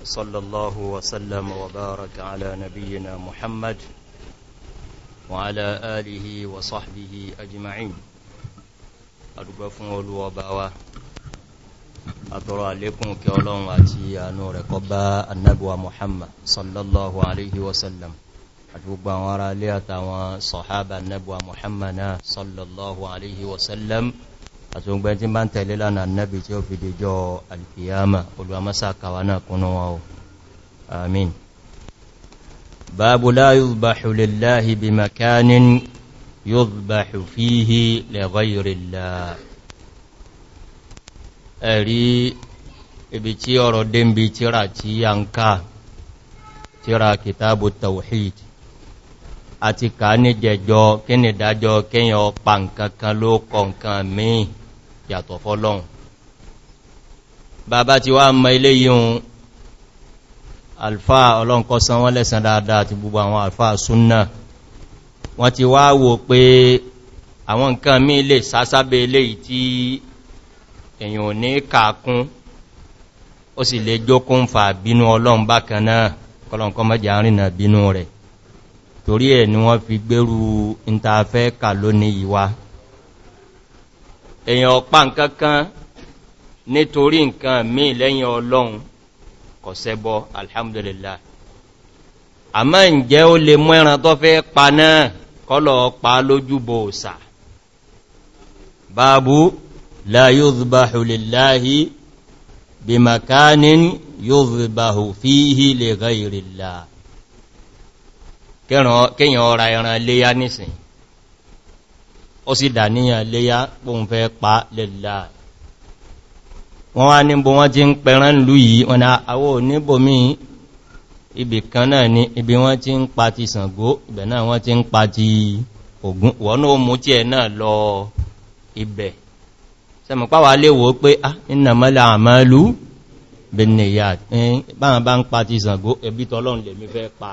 وصلى الله وسلم وبارك على نبينا محمد وعلى آله وصحبه أجمعين أدوكم ولوباوا أترى لكم كولون واتي نور قبا النبوة محمد صلى الله عليه وسلم أدوكم وراء لأتا وصحابة النبوة محمد صلى الله عليه وسلم àtògbẹ́ tí bá ń tẹ̀lé lánàá nẹ́bì tí ó fi dèjọ́ alkiyama olùwàmásá kàwà náà kúnnà wọn amin báàbù láyé bàhù lèláhì bí makánin yóò bàhù fíhì lẹ́gbẹ̀rẹ̀lá ẹ̀rí ibi tí ọ̀rọ̀ dẹ́mbi tíra tí a ń ká yàtọ̀ fọ́lọ́hun bàbá ti wá mọ ilé yíun alfa ọlọ́nkọ́ san wọ́n lẹ́sàn dáadáa ti gbogbo àwọn alfa súnnà wọ́n ti wá wò pé àwọn nǹkan mí lè sásábẹ̀ ilé tí èyàn ò ní kàkún ó sì lè jókún fà bínú ọlọ́run bákan náà kọlọ̀nkọ́ mọ́jà rìnà bínú rẹ̀ torí ẹ̀ ni wọ́n fi gbérú ìntafẹ́ kà lónìí ìwá èyàn ọ̀pá nkankan nítorí nkan mí lẹ́yìn ọlọ́run kò ṣẹbọ alhamdulillah a máa ń jẹ́ ó lè mú ẹran tó fẹ́ pa náà kọ́lọ̀ pa lójúbò òsà báàbú la yuzbahu lillahi bí makanin yuzbahu fihi li ghayrillah kíyàn ọ̀rà ẹran léyá nísìn ó sì dàníyàn léyá pòun fẹ́ pa lẹ́lá wọ́n wá níbo wọ́n ti ń pẹran lú yìí wọ́n àwọ́ níbòmí ibì kan náà ni ibi wọ́n ti ń pa ti Ṣàngó ibẹ̀ náà wọ́n ti ń pa ti Ògún wọ́n ó mú tí ẹ náà lọ ibẹ̀ sẹmọ̀páwà lè wò pé ah innamal a'malu binniyat báwọn bá ń pa ti Ṣàngó ẹbí tọ́lọ́run lè mi fẹ́ pa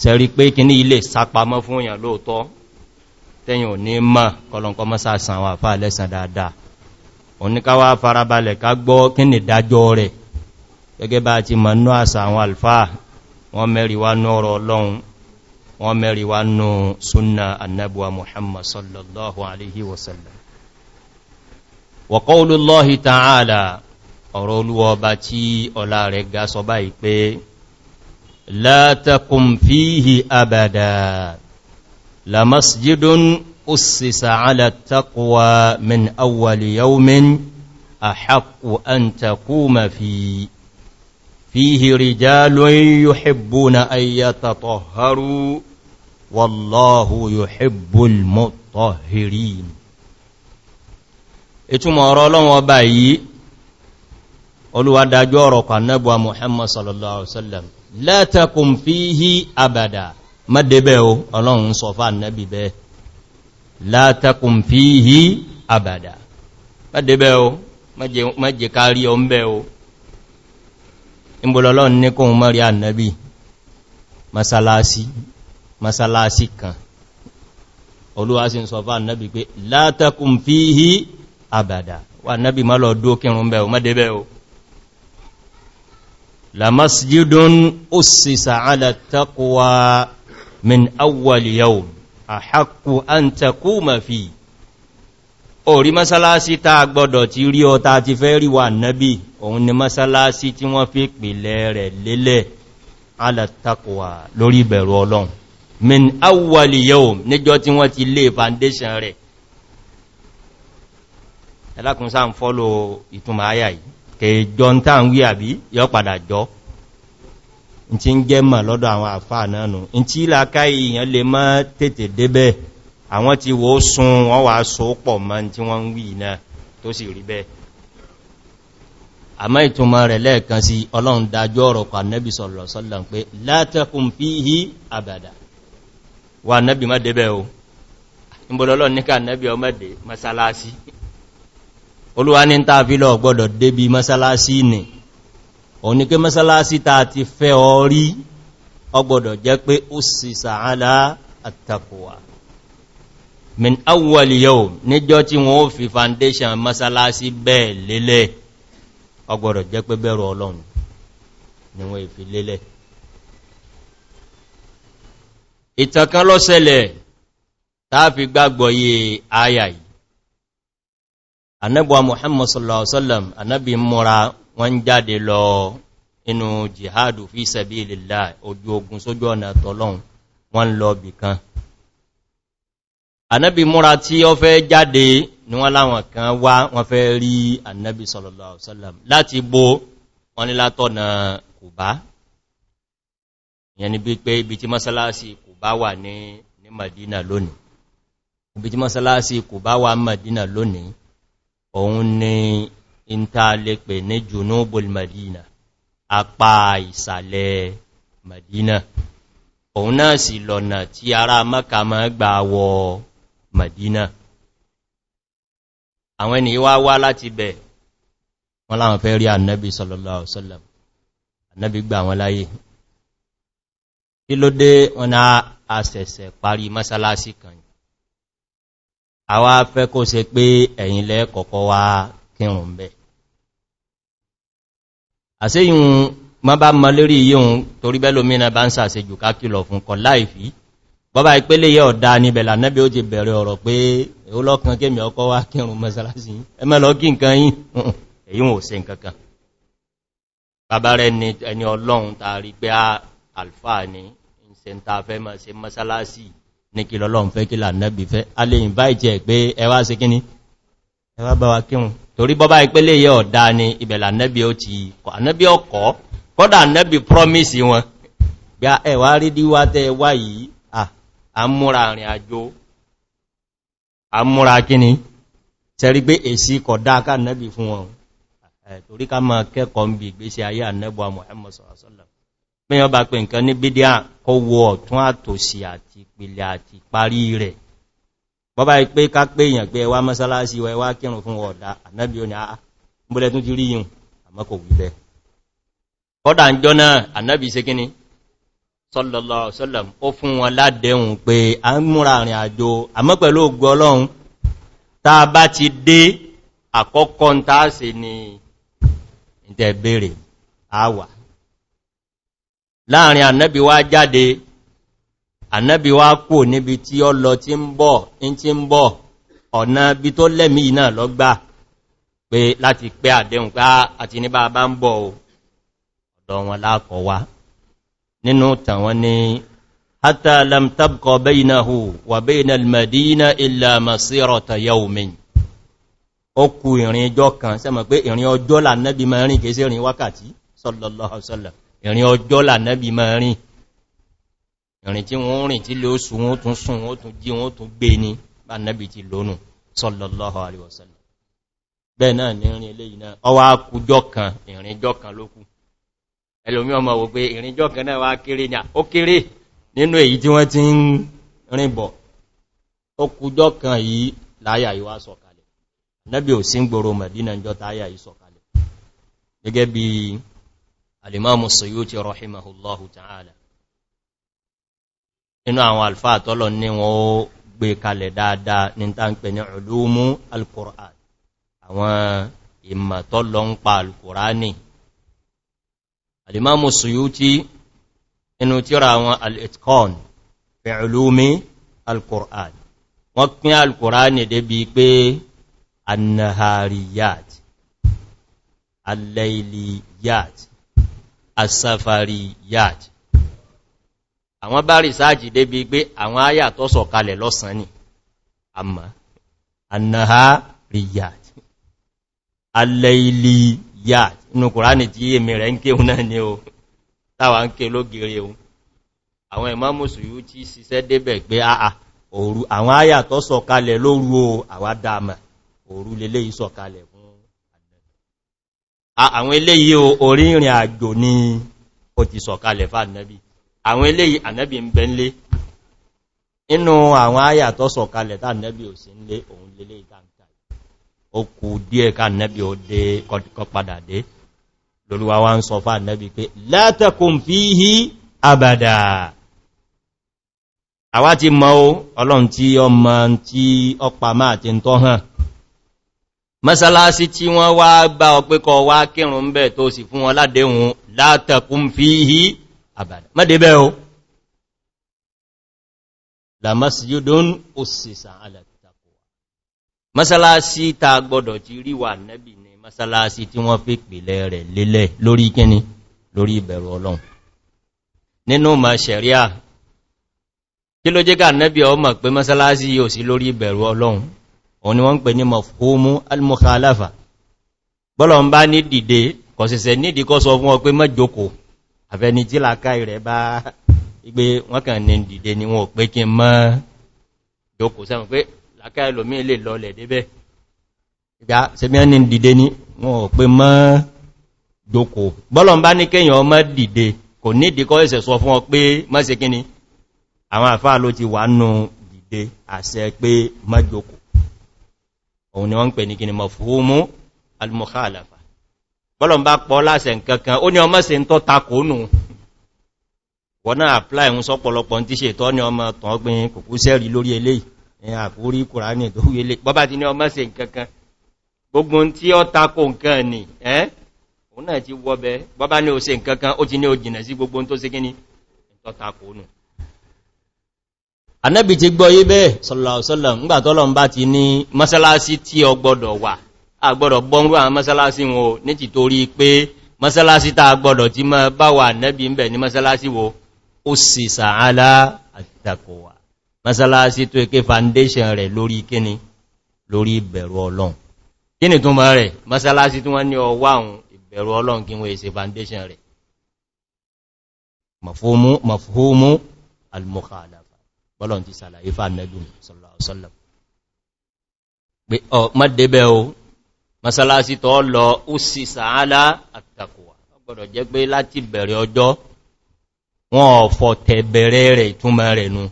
sẹ́rí pé kí ní ilé sápamọ́ tẹ́yìn ò ní mọ̀ kọlọ̀nkọ́ mọ́sá sàn wà fà lẹ́sàn dáadáa oníkáwà farabalẹ̀ ká gbọ́ kí ni dájọ́ rẹ̀ gẹ́gẹ́ bá ti mọ̀ ní àṣà àwọn alfáà wọ́n mẹ́rin wá ní ọ̀rọ̀ ọlọ́run wọ́n mẹ́rin wá ní súnà annabuwa muhammad sallallahu لمسجد أسس على التقوى من أول يوم أحق أن تقوم فيه فيه رجال يحبون أن يتطهروا والله يحب المطهرين ìtumọ̀ ọ̀rọ̀ ọlọ́run ọba yìí olúwadájọ́ ọ̀rọ̀ kan náà Muhammad sallallahu alaihi wasallam la takum fihi abada mọ́débẹ̀ o ọlọ́run sọ fà nẹ́bì bẹ́ látàkùn fi hí àbàdà mọ́débẹ̀ o mọ́jẹ kárí o ń bẹ́ o ìbòlọ́lọ́run ní mọ́rí ànẹ́bì masalasi masalasi kan olúwa sí sọ fà nẹ́bì pé látàkùn fi hí àbàdà wà nẹ́bì má la masjidun ussisa ala taqwa min awwal yawm ahaqqu an taquma fi ori masalasi ta gbọ́dọ̀ ti rí o ta ti fẹ́ rí wa nabi òun ni masalasi tí wọ́n fi pìlẹ̀ rẹ̀ lélẹ̀ ala taqwa lórí bẹ̀rù Ọlọ́run min awwal yawm níjọ́ tí wọ́n ti lé foundation rẹ̀ elakun sa n ìtumọ̀ aya yìí ke jo n ta wí àbí yó padà jọ in ti ń jẹ́ mọ̀ lọ́dọ̀ àwọn àfáà náà nù in tí ìlàkà èèyàn lè mọ́ tètè débẹ̀ àwọn ti wò ó sun wọ́n wà sópọ̀ mọ́ tí wọ́n ń wí náà tó sì rí bẹ́ẹ̀ àmá ìtumọ̀ rẹ̀ lẹ́ẹ̀kan sí ọlọ́run dájú ọ̀rọ̀ pa masalasi olúwa ní tàbílọ̀ gbọ́dọ̀ débi masalasi ni òní pé mẹ́sálásí ta ti fẹ́ orí ọgbọ̀dọ̀ jẹ́ pé ó sì sàádá àtàkùwà min awwal yawm níjọ́ tí wọ́n fi foundation mẹ́sálásí bẹ́ẹ̀ lélẹ̀ ọgbọ̀dọ̀ jẹ́ pé bẹ̀rù ọlọ́run ni wọ́n ìfi lélẹ̀ ìtànkan ló ṣẹlẹ̀ tààfi gbàgbọ́ yí ayayi anabuwa muhammadu sallallahu alaihi wasallam anabi mura wọ́n jáde lọ inú jihadu fi sabilillah ojú ogun sójú ọ̀nà tọ́lọ́un wọ́n lọ bì kan ànábì múra tí ó fẹ́ jáde ni wọ́n láwọn kan wá wọ́n fẹ́ rí ànábì sallallahu alaihi wasallam láti bo wọ́n ni Madina lónìí ibi tí mọ́sálásí Kùbá Madina lónìí òun ìntàlẹ́pẹ̀ ní junubul madina apá ìsàlẹ̀ madina òun náà sì lọ̀nà tí ara maka ma gbà wọ madina àwọn ènìyàn wá wá láti bẹ̀ wọ́n láwọn fẹ́ rí annabi sallallahu alaihi wasallam annabi gbà wọn láyé kí ló dé wọn a àṣẹ̀ṣẹ̀ parí masalasi kan àwa fẹ́ kó ṣe pé ẹ̀yin kọ̀kọ́ wá kírùn bẹ̀ àṣíyùn ma bá mọ lérí yíhun torí bẹ́lòmínà bá ń sàṣejù kákìlọ̀ fún kọ láìfí bọ́bá ìpele yẹ ọ̀dá níbẹ̀lá nẹ́bí ó ti bẹ̀rẹ̀ ọ̀rọ̀ pé olókan kémi ọkọ́ wá kírùn mọ́sálásí ẹmẹ́lọ kí alfa ni ìsẹ̀ntà fẹ́ mọ́ sí mọ́sálásí ní kí lọ́lọ́run fẹ́ kí là nẹ́bí fẹ́ a lè invite ẹ̀ pé ẹwà torí bọ́bá ìpele yẹ ọ̀dá ni ìbẹ̀lẹ̀ ànẹ́bí ó ti kọ̀ ànẹ́bí ọkọ̀ kọ́dà ànẹ́bí promise wọn bí ẹwà rí díwá tẹ wá yìí àmúra àrìn àjò àmúra kíni tẹ́rí pé èsì kọ̀dá ká ànẹ́bí fún wọn torí ká máa kẹ́kọ̀ọ́ bí ìgbésí ayé ànẹ́bí wa Muhammad sallallahu alaihi wasallam bí wọ́n bá pè nǹkan ní bídíà kó wo bọ́bá ipé ká pé èyàn pé ẹwà mọ́sálásí wa ẹwà kírùn fún ọ̀dá ànábí oní àá múlẹ̀ tún ti rí yìí àmọ́ kò wí bẹ́ kọ́dà ń jọ náà ànábí ṣe kíní sallallahu alaihi wasallam ó fún wọn ládẹ̀hùn pé a ń múra àrìn àjò àmọ́ pẹ̀lú ògo Ọlọ́run tá ànábì wá kò níbi tí ó lọ tí ń bọ̀ in tí ń bọ̀ ọ̀nà bí tó lẹ́mí iná lọ́gbà pé láti pé àdéhùn pé ah, àti ní bá ń bọ̀ ọ̀dọ̀ wọn láàkọ̀ wá nínú tàn ni hátà lam tabqa baynahu madina illa masirata yawmin ó kù ìrìn ọjọ́ kan sẹ́mọ̀ pé ìrìn ọjọ́ là nábì máa rìn sallallahu alaihi wasallam ìrìn ọjọ́ là ìrìn tí wọ́n rìn tí lè oṣù wọ́n tún sùn wọ́n tún jí wọ́n tún gbé ní bá nábi ti lónù sallallahu alaihi wasallam bẹ́ẹ̀ náà ní ìrìn eléyìí náà ọwá kújọ́ kan ìrìnjọ́ kan lókù ẹlòmí ọmọ wò pé ìrìnjọ́ kan náà wá kéré ní ó kéré nínú èyí tí wọ́n ti ń rìn bọ̀ ta'ala inú àwọn alfa àtọ́lọ ní wọn ó gbé kalẹ̀ dáadáa ní ta ń pè ní ọ̀lúmú alkùrán àwọn ìmọ̀tọ́lọ ń pa alkùránì alimamu suyuti inú tíra àwọn al'itkon fi ọlúmí alkùrán wọ́n pín alkùránì débi pé annahariyat allailiyat asafariyat al àwọn bá rìsáàjì débi àwọn áyà tó sọ kalẹ̀ lọ́sàn ni riyat alailiyat inú kùránì tí èmì rẹ̀ ń náà ni o táwà ń ké lógere o àwọn ìmámù ti ṣiṣẹ́ débẹ̀ pé àà òru àwọn tó sọ kalẹ̀ lóru o dáàmà òru ni sọ kalẹ̀ àwọn eléyìí ànẹ́bì ń bẹ ń lé inú àwọn àyà tó sọ kalẹ̀ tá ànẹ́bì ò sí ń lé òun lélé ìtàǹtà ó kù díẹ̀ ká ànẹ́bì ó dé kọ padà dé lóríwá wá ń sọ fà ànẹ́bì pé látẹkùn fíhí àbàdà àwá ti mọ́ ó ọlọ́run tí ọmọ tí ọpa máa ti ń tọ́ hàn tí wọ́n wá bá ọ wá kírùn-ún bẹ̀ tó sì fún wọn ládéhun látẹkùn fíhí àbàdà mọ́débẹ̀ o la masjidun ussisa ala taqwa masalasi ta gbọdọ̀ ti rí wà nẹ́bì ni masalasi tí wọ́n fi pìlẹ̀ rẹ̀ lélẹ̀ lórí kíni lórí ìbẹ̀rù ọlọ́run nínú ma ṣẹ̀ríà kí ló jẹ́ ká nẹ́bì ọmọ pé masalasi yóò sí lórí ìbẹ̀rù ọlọ́run òun ni wọ́n pè ní mafhumu al-mukhalafa bọ́lọ̀ ń bá ní dìde kọ̀sẹ̀sẹ̀ nídìí kọ́ sọ fún ọ pé mẹ́jọ́kòó àfẹni tí làkà rẹ̀ bá ipé wọ́n kàn ní dìde ni wọ́n pé kí mọ́ jókòó sẹ́mọ̀ pé làkà ẹlòmí lè lọlẹ̀ débẹ̀ ìgbà sẹ́mí ní ni wọ́n pé mọ́ jókòó bọ́lọ̀n bá ní kéyàn ọmọ dìde kò ní ìdíkọ́ ẹsẹ̀ sọ fún ọ pé mọ́ kíni àwọn àfáà ló ti wà nù dìde àṣẹ pé mọ́ jókòó ni wọ́n ń pè ní kíni mafhumu al-mukhalafa bọ́lọ̀ bá pọ̀ láṣẹ nkankan ó ní ọmọ se ń tọ́ takò nù wọ́n náà apply ń sọ́pọ̀lọpọ̀ tí ṣe tọ́ ní ọmọ tàn ọgbìn kòkú sẹ́rì lórí eléyìí àkúrí kùránì tó wílé bọ́bá ti ní ọmọ se nkankan gbogbo tí ó takò nkan ni ẹ́ òun náà ti wọ́bẹ̀ bọ́bá ní ó se nkankan ó ti àgbọ̀dọ̀ bọ́nrú àwọn mọ́sálásí wọn o ní ti torí pé mọ́sálásí ta gbọ́dọ̀ tí mọ́ bá wà nẹ́bí ń bẹ̀ ní mọ́sálásí wo ó sì sàálá àtàkọwà mọ́sálásí tó ike foundation rẹ̀ lórí kíni lórí ìbẹ̀rù ọlọ́run kíni tó mọ́ rẹ̀ mọ́sálásí tí wọ́n ní ọwá foundation rẹ̀ mafhumu al-mukhalafa bọ́lọ̀ ti sàlàyé fa nẹ́bí sallallahu alaihi wasallam masalasi tó lọ ó atakuwa sàálá àtàkùwà ọgbọ̀dọ̀ jẹ́ pé láti bẹ̀rẹ̀ ọjọ́ wọn ọ̀fọ̀ tẹ̀ bẹ̀rẹ̀ rẹ̀ ìtúnmọ̀ rẹ̀ nù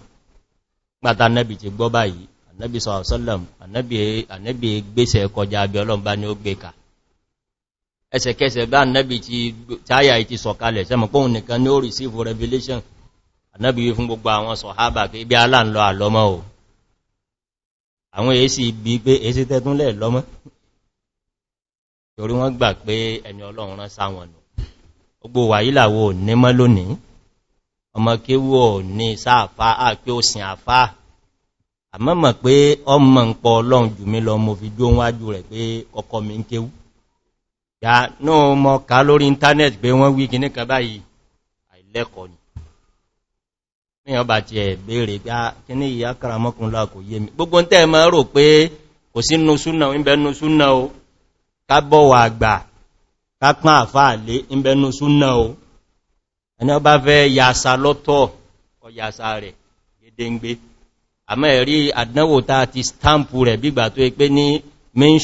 pátá nẹ́bì ti gbọ́ báyìí anẹ́bì sọ̀rọ̀sọ́lọ̀m anẹ́bì gbéṣẹ̀ kọjá abẹ́ ọlọ́mbá anẹ́bì ti receive revelation anẹ́bì wí fún gbogbo àwọn sọ̀hábà ibi aláàlọ́ àlọ́mọ́ o àwọn èsì ibi pé èsì tẹ́túnlẹ̀ lọ́mọ́ torí wọ́n gbà pé ẹni ọlọ́run rán sáwọn nù gbogbo wàyí làwọ ní mọ́ lónìí ọmọ kéwò ní sáàfá àpé òsìn àfá àmọ́mọ̀ pé ọmọ ń pọ ọlọ́run jù mí lọ mo fi jó wájú rẹ̀ pé ọkọ mi ń kéwú ya náà mọ́ ká lórí íntánẹ́tì pé wọ́n wí kìíní kan báyìí àìlẹ́kọ̀ọ́ ni níyàn bá ti ẹ̀ béèrè pé kíní o kábọ̀wà àgbà kápán àfáà lé ìbẹnu súnà o ẹni ọba fẹ́ yàsà lọ́tọ̀ ọ̀yàsà rẹ̀ gẹ́dẹ́gbé àmọ́ ẹ̀rí àdánwò ta ti stampu rẹ̀ bígbà tó pé ní main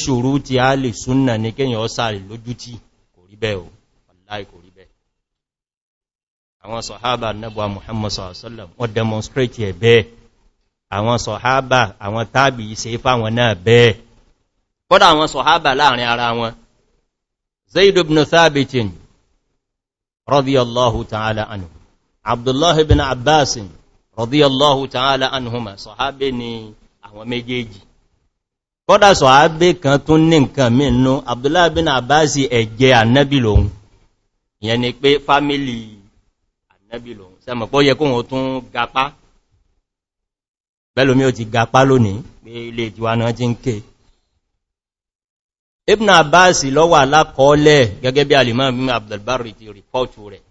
ti a lè súnà ní kíyàn ọ́sàrì lójú tí kò rí o ọ̀láì kò rí bẹ́ẹ̀ àwọn sọ̀hábà muhammad sọ̀rọ̀sọ́lọ̀ wọ́n demonstrate ẹ̀ bẹ́ẹ̀ àwọn sọ̀hábà àwọn tábì ìṣe bẹ́ẹ̀ kọ́dá àwọn sọ̀hábà láàrin ara wọn zaid ibn thabitin radiyallahu ta'ala anhu abdullahi ibn abbasin radiyallahu ta'ala anhuma sọ̀hábé ni àwọn méjèèjì kọ́dá sọ̀hábé kan tún ní nǹkan mínú abdullahi ibn abbasi ẹ̀jẹ́ annabi lòun ìyẹn ni pé fámílì annabi lòun sẹ́mọ̀pọ̀ yẹ kóhun tún gapá bẹ́lómi ó ti gapá lónìí pé ilé ìtiwa náà ti ń kéè ibn abbas lọ́wà alákọọ́lẹ̀ gẹ́gẹ́ bí alimam ibn abdulbari ti rìpọ́tù rẹ̀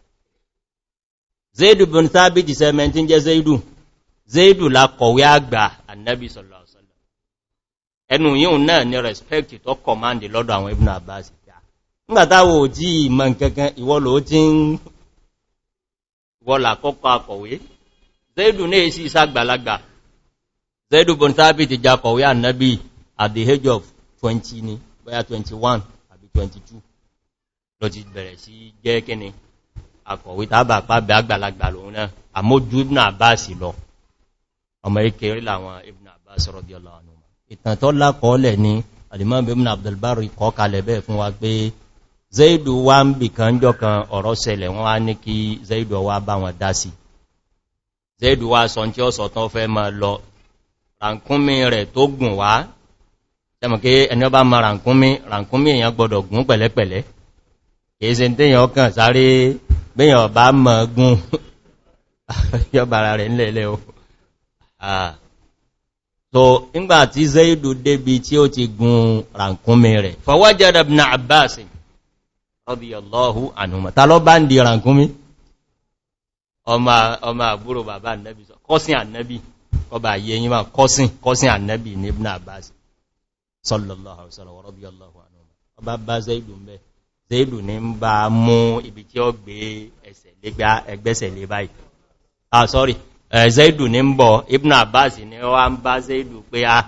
zaidu bin thabit sẹ́mẹ̀ntín jẹ́ zaidu zaidu la kọ̀wé àgbà annabi sallallahu alaihi wasallam ni respect tó command lọ́dọ̀ àwọn ibn abbas ngbàtàwò jí ìmọ̀ nkankan ìwọ́lò tí ń wọ́là kọ́kọ́ akọ̀wé zaidu bin thabit jà kọ̀wé annabi at the age of 20 ni bóyá 21 àbí 22 ló ti bẹ̀rẹ̀ sí jẹ́ kíni akọ̀wé tàbà pàbẹ̀ àgbàlagbà lòun náà àmójú Ibn Abbas lọ ọmọ ìkẹrẹ láwọn Ibn Abbas radiyallahu wa pé Zaidu wá ń bì kan jọ kan ọ̀rọ̀ ṣẹlẹ̀ wọ́n wá ní kí Zaidu wá bá wọn dá sí Zaidu wá sọ tí ó sọ tán fẹ́ máa lọ ràǹkúnmí rẹ̀ tó gùn wá tẹ́mọ̀ké ẹni ọba ma ràǹkúnmí ràǹkúnmí èyàn gbọdọ̀ gún pẹ̀lẹ́pẹ̀lẹ́ kìí ṣe tíyàn ọkàn sáré gbíyàn ọba mọ̀ gún yọbàrà rẹ̀ nílẹ̀ o so ńgbà tí zaidu débi tí ó ti gun ràǹkúnmí rẹ̀ fọwọ́jẹ́dà ibn abbas radiyallahu anhuma ta ló bá ń di ràǹkúnmí ọmọ àbúrò bàbá annabi kọ́sìn annabi ọba yẹ́yìn ma kọ́sìn kọ́sìn ibn abbas sallallahu alaihi wasallam radiyallahu anhu ọba bá zaidu ń bẹ zaidu ní ń bá mú ibi tí ó gbé ẹgbẹ́sẹ̀ lé báyìí ah sorry eh, zaidu ní ń bọ̀ ibn abbas ní wá ń bá zaidu pé a ah,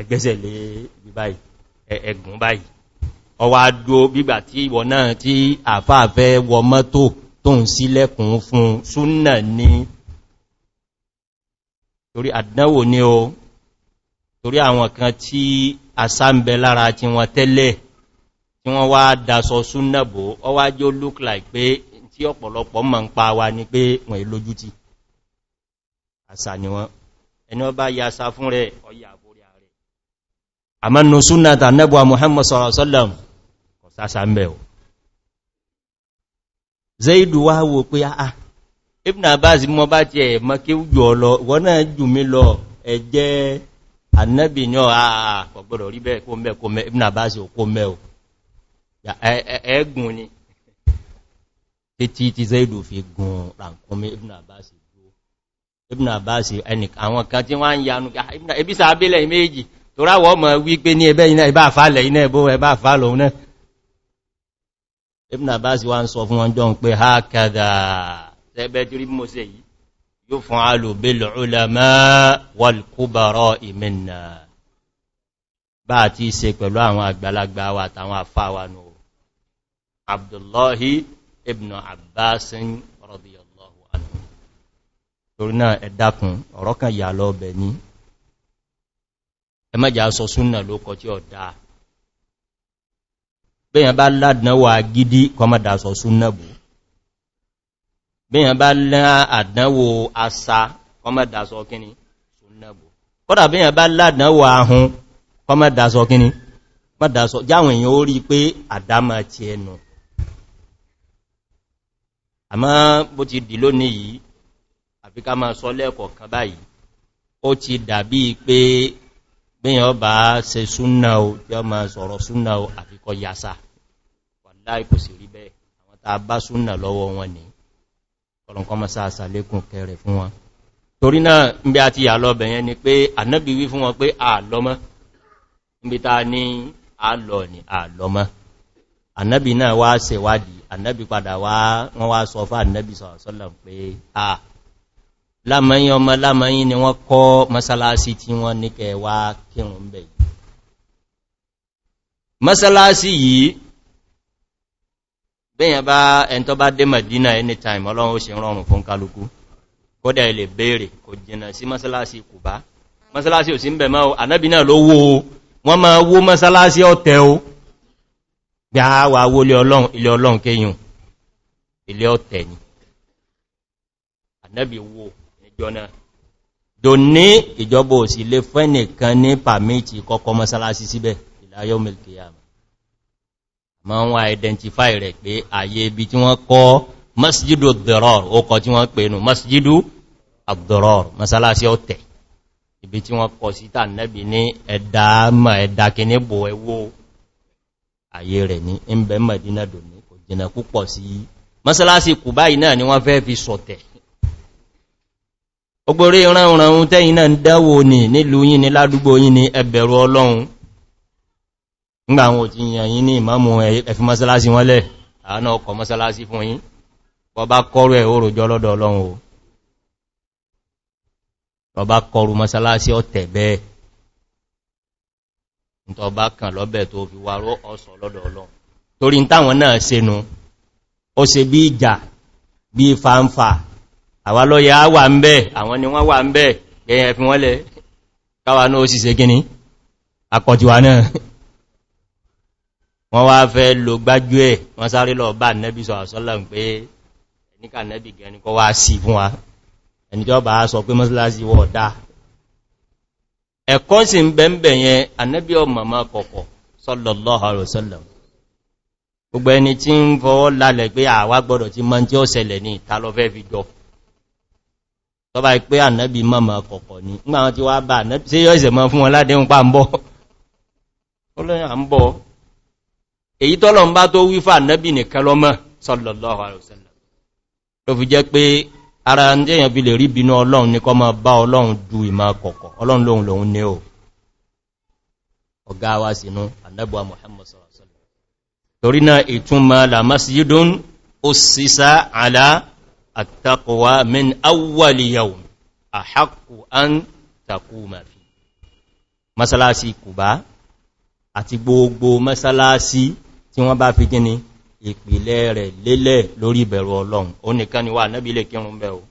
ẹgbẹ́sẹ̀ lé báyìí ẹgùn báyìí ọwá dúó bígbà tí ìwọ náà tí àfáàfẹ́ wọ mọ́tò tó ń sílẹ̀kùn fún súnnà ní torí àdánwò ní o torí àwọn kan tí asáǹbẹ lára tí wọ́n tẹ́lẹ̀ tí wọ́n wá dasọ súnnàbò ọ wá jẹ́ look like pé tí ọ̀pọ̀lọpọ̀ ma ń pa wa ni pé wọ́n ìlójú ti ni wọ́n ẹni bá ya sa fún rẹ̀ ọya àbúrí ààrẹ àmánu súnnàtà ibn abbas ti lọ annabi ní ah, ọ̀há ah, ọ̀gbọ̀dọ̀ ah, rí bẹ́ẹ̀ kó mẹ́ kó mẹ́ ibn abáṣe kó mẹ́ o ni títí tí zaidu fi gùn ràǹkúnmí ibn abáṣe ibn abáṣe ẹnìkan àwọn kan tí wọ́n ń yanu ibi sàábílẹ̀ méjì tó ráwọ̀ mọ̀ wípé ní ẹbẹ́ iná ibá àfálẹ̀ iná ẹbó ẹbá àfálẹ̀ yuf'alu bil ulama wal kubara minna bá ti ṣe pẹ̀lú àwọn àgbàlagbà wa àtàwọn àfáwà nù Abdullahi ibn Abbasin radiyallahu anhu torí náà ẹ dákun ọ̀rọ̀ kan yà lọ bẹ̀ ní ẹ sọ súnnà ló tí ọ dáa bẹ́yàn bá ládánwà gidi kọmọ́dà sọ súnnà bùú bíyàn bá lá àdánwò asa kọmọ̀dásọ kíní súnnàbò kọ́dà bíyàn bá ládánwò ahun kọmọ̀dásọ kíní mọ́dásọ jáwọn èèyàn ó rí pé àdámà ti ẹnu àmọ́ bó ti dì lónìí yìí àfi ká máa sọ lẹ́ẹ̀kọ̀ kan báyìí ó ti dàbí pé bíyàn bá ṣe súnnà tí ọ máa sọ̀rọ̀ súnnà àfikọ́ yasa wà láì kò sì rí bẹ́ẹ̀ àwọn ta bá súnnà lọ́wọ́ wọn ni ọlọ́nkọ́ mọ́sá àsàlékùn kẹrẹ fún wọn torí náà ń bí a ti yà lọ bẹ̀yẹn ni pé ànábì wí fún wọn pé àlọ́mọ́ níbi ta ní àlọ́ ni àlọ́mọ́ ànábì náà wá sẹ̀wádìí ànábì padà wọ́n wá sọ fún ni wọ́n kọ́ mọ́sálásí tí wọ́n bẹ́yàn bá ẹn tó bá dé Madina anytime ọlọ́run ó ṣe rọrùn fún kálukú kódà ilẹ̀ béèrè kò jìnà sí mọ́sálásí Kùbá mọ́sálásí ò sí ń bẹ̀ máa ànábì náà ló wó wọ́n máa wó mọ́sálásí ọ̀tẹ̀ o gbà wà wó ilé ọlọ́run kéyùn ilé ọ̀tẹ̀ ni ànábì wó níjọ́ náà dò ní ìjọba òsì lè fẹ́ nìkan ní pàmìtì kọ́kọ́ mọ́sálásí síbẹ̀ ìlàyọ́ milkiyama ma ń wá identify rẹ̀ pé àyè ibi tí wọ́n kọ́ masjidu ad-dirar ọkọ̀ tí wọ́n pè nù masjidu ad-dirar masalasi ọ̀tẹ̀ ibi tí wọ́n kọ́ síta nẹ́bi ní ẹ̀dà ma ẹ̀dà kìíní bò ẹwó àyè rẹ̀ ní ẹ̀mbẹ̀ Mẹ́dínà dòní kò jìnà púpọ̀ sí masalasi Kùbá náà ni wọ́n fẹ́ fi sọ̀tẹ̀ ogbore ìran ìran ńgbà àwọn òjìyàn yìí ní ìmámù ẹ̀fí masalasi wọ́n lẹ̀ àánà ọkọ̀ masalasi fún yín bọba kọrù ẹ̀ oòrùjọ lọ́dọ̀ ọlọ́run o bọba kọrù masalasi ọ̀tẹ̀ bẹ́ẹ̀ ntọba kan lọ́bẹ̀ tó fi wáró ọsọ lọ́dọ̀ ọlọ́run senu wọ́n wá fẹ́ lò gbájú ẹ̀ wọ́n sáré lọ bá nẹ́bí sọ àṣọ́lá ń pé níkà nẹ́bí gẹni kọ́ wá sí fún wa ẹni tí ó bá sọ pé mọ́sílásí wọ́ dá ẹ̀kọ́ sí ń bẹ̀m̀bẹ̀ yẹn anẹ́bí ọmọmọ kọ̀kọ̀ sọ́lọ̀lọ́ tọba ìpé ànábì mọ́mọ̀ ọ̀kọ̀ọ̀kọ̀ ní nígbà wọn tí èyí tọ́lọ̀ ń bá tó wífà nẹ́bì nìkan lọ́mọ́ sallallahu alaihi wasallam ló fi jẹ́ pé ara ń jẹ́yàn fi lè rí bínú ọlọ́run ní kọ́ máa bá ọlọ́run ju ìmá kọ̀kọ̀ ọlọ́run lóhun lòun ní o ọ̀gá wa sínú annabuwa Muhammad sallallahu alaihi wasallam torí àti gbogbo masalasi tí wọ́n bá fi gíní ìpìlẹ̀ rẹ̀ lélẹ̀ lórí ìbẹ̀rù ọlọ́run ó nìkan ni wà náàbí lè kírun bẹ̀ o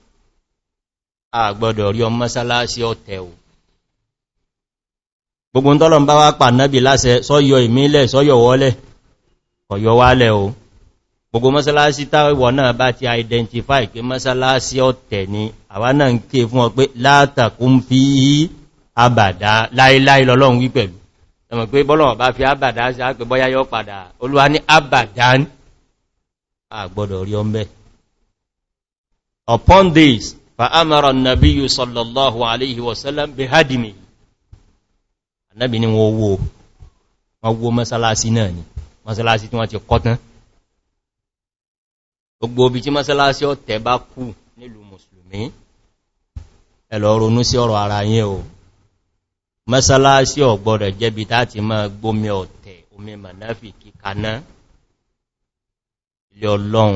a gbọ́dọ̀ rí ọmọ sálásí ọ̀tẹ̀ o gbogbo tọ́lọ̀ bá wá pà náàbí láṣẹ sọ́yọ ìmílẹ̀ sọ́yọ wọ́lẹ̀ ọ̀yọ wálẹ̀ o identify pé mọ́sálásí ọ̀tẹ̀ ni àwa náà ń ké fún ọ pé látàkún ẹmọ̀ pé bọ́lọ̀ bá fi àbàdá sí àpẹ bọ́yá yọ padà olúwa ní àbàdá ní àgbọ̀dọ̀ rí ọmọ upon this fa amara nabiyu sallallahu alaihi wasallam bi hadimi annabi ni wọ́n wo wọ́n wo masalasi náà ni masalasi tí wọ́n ti kọ́tán gbogbo obi tí masalasi ọ̀tẹ̀ bá kú nílùú mùsùlùmí ẹ̀lọ́rọ̀ onú sí ọ̀rọ̀ ara yẹn o mọ́sálásí ọ̀gbọ̀rọ̀ jẹ́bi táti máa gbómi ọ̀tẹ̀ omi mànáfì kíkaná ilẹ̀ ọlọ́run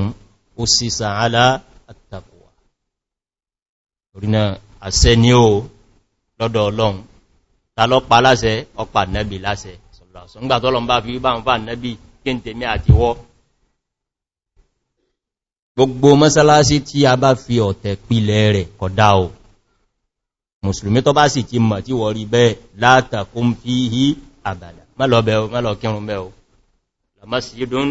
ó sì sàálá àtàkùwà orínà àṣẹ ní o lọ́dọ̀ ọlọ́run ta lọ pa láṣẹ ọpa nẹ́bì láṣẹ gbogbo mọ́sálásí tí mùsùlùmí tó bá sì ti mọ̀ tí wọ́n rí bẹ́ẹ̀ látàkún fi hí àbàdà mẹ́lọ kírun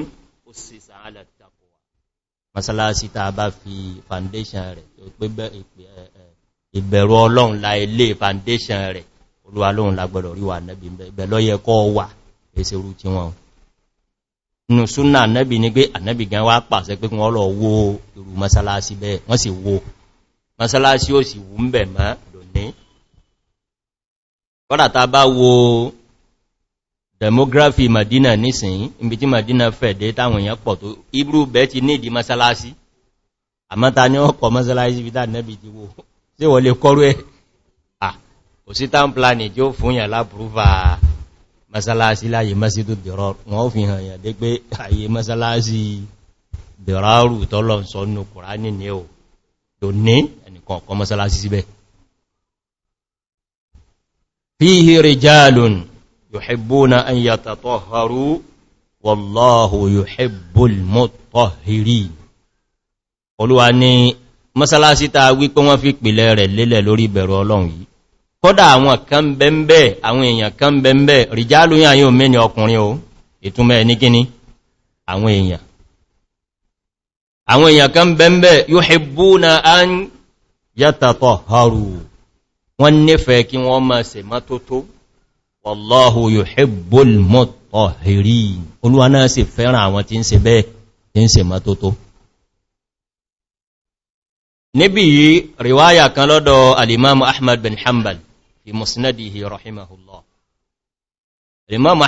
masalasi ta fi foundation rẹ̀ tó pé ìbẹ̀rù ọlọ́run la ilé foundation rẹ̀ olúwa lóhun lagbọ́dọ̀ ríwà nẹ́bí bẹ̀ lọ́yẹ kọ́ wà èsè rú tí wọn nù súnà nẹ́bí ní pé ànẹ́bí gan wá pàṣẹ pé wọ́n lọ wo irú masalasi bẹ́ẹ̀ wọ́n sì wo masalasi ó sì wú ń bẹ̀ máa ní kọ́dàtà bá wo demography madina nísìn ibi tí madina fẹ̀dẹ̀ táwọn èèyàn pọ̀ tó ibru bẹ́ ti ní ìdí masalasi àmọ́ta ní ọkọ̀ masalasi bí tàbí ti wo tí wọ́n lè kọ́rú ẹ̀ òsítàn plani tí ó fún yà lápúrúfà masalasi láyé masjidu dìrọ wọ́n fi hàn yà dé pé ayé masalasi dìrọ rù tọ́lọ̀ sọ́nù kùránì ní ò tó ní ẹnìkan ọkọ̀ masalasi síbẹ̀ فيه رجال يحبون أن يتطهروا والله يحب المطهرين Olúwa ní mọ́sálásí ta wípé wọ́n fi pìlẹ̀ rẹ̀ lélẹ̀ lórí bẹ̀rù Ọlọ́run yìí. Kọ́dà àwọn kan bẹ́m̀bẹ́, àwọn èèyàn kan bẹ́m̀bẹ́, rìjálù yàn yóò mẹ́ni ọkùnrin o, ìtumẹ̀ ní kíní, àwọn èèyàn. Àwọn èèyàn kan bẹ́m̀bẹ́, yuhibbuna an yatataharu wọ́n nífẹ̀ẹ́ kí wọ́n máa ṣe mọ́tótó wallahu yuhibbul mutahhirin olúwa náà sì fẹ́ràn àwọn tí ń ṣe bẹ́ẹ̀ tí ń ṣe mọ́tótó níbi yìí riwaya kan lọ́dọ̀ alimamu ahmad bin hanbal fi musnadihi rahimahullah alimamu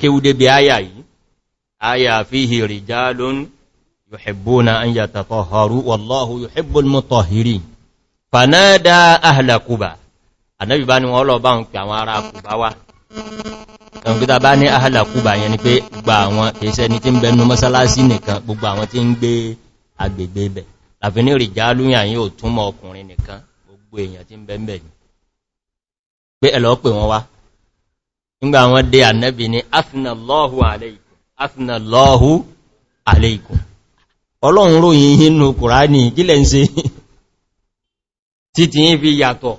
kéwúdé bí áyà yìí aya fihi rijalun yuhibbuna an yatatahharu wallahu yuhibbul mutahhirin fanada ahla quba anabi bá ní wọ́n lọ bá ń pè àwọn ará quba wá kan gida bá ní ahla quba yẹn ni pé gba àwọn kese ni tin benu mọ́sálásí nìkan gbogbo àwọn tin gbé agbègbè bẹ̀ lafi ni rijalun yan yin ó tún mọ́ ọkùnrin nìkan gbogbo èyàn tin bẹ nbe ni pé ẹ lọ pè wọ́n wá ngba àwọn anabi ni afnallahu alayhi afnàlọ́hù aleikum ọlọ́run ròyìn inú kùránì jílẹ̀ ń ṣe títí yí fi yàtọ̀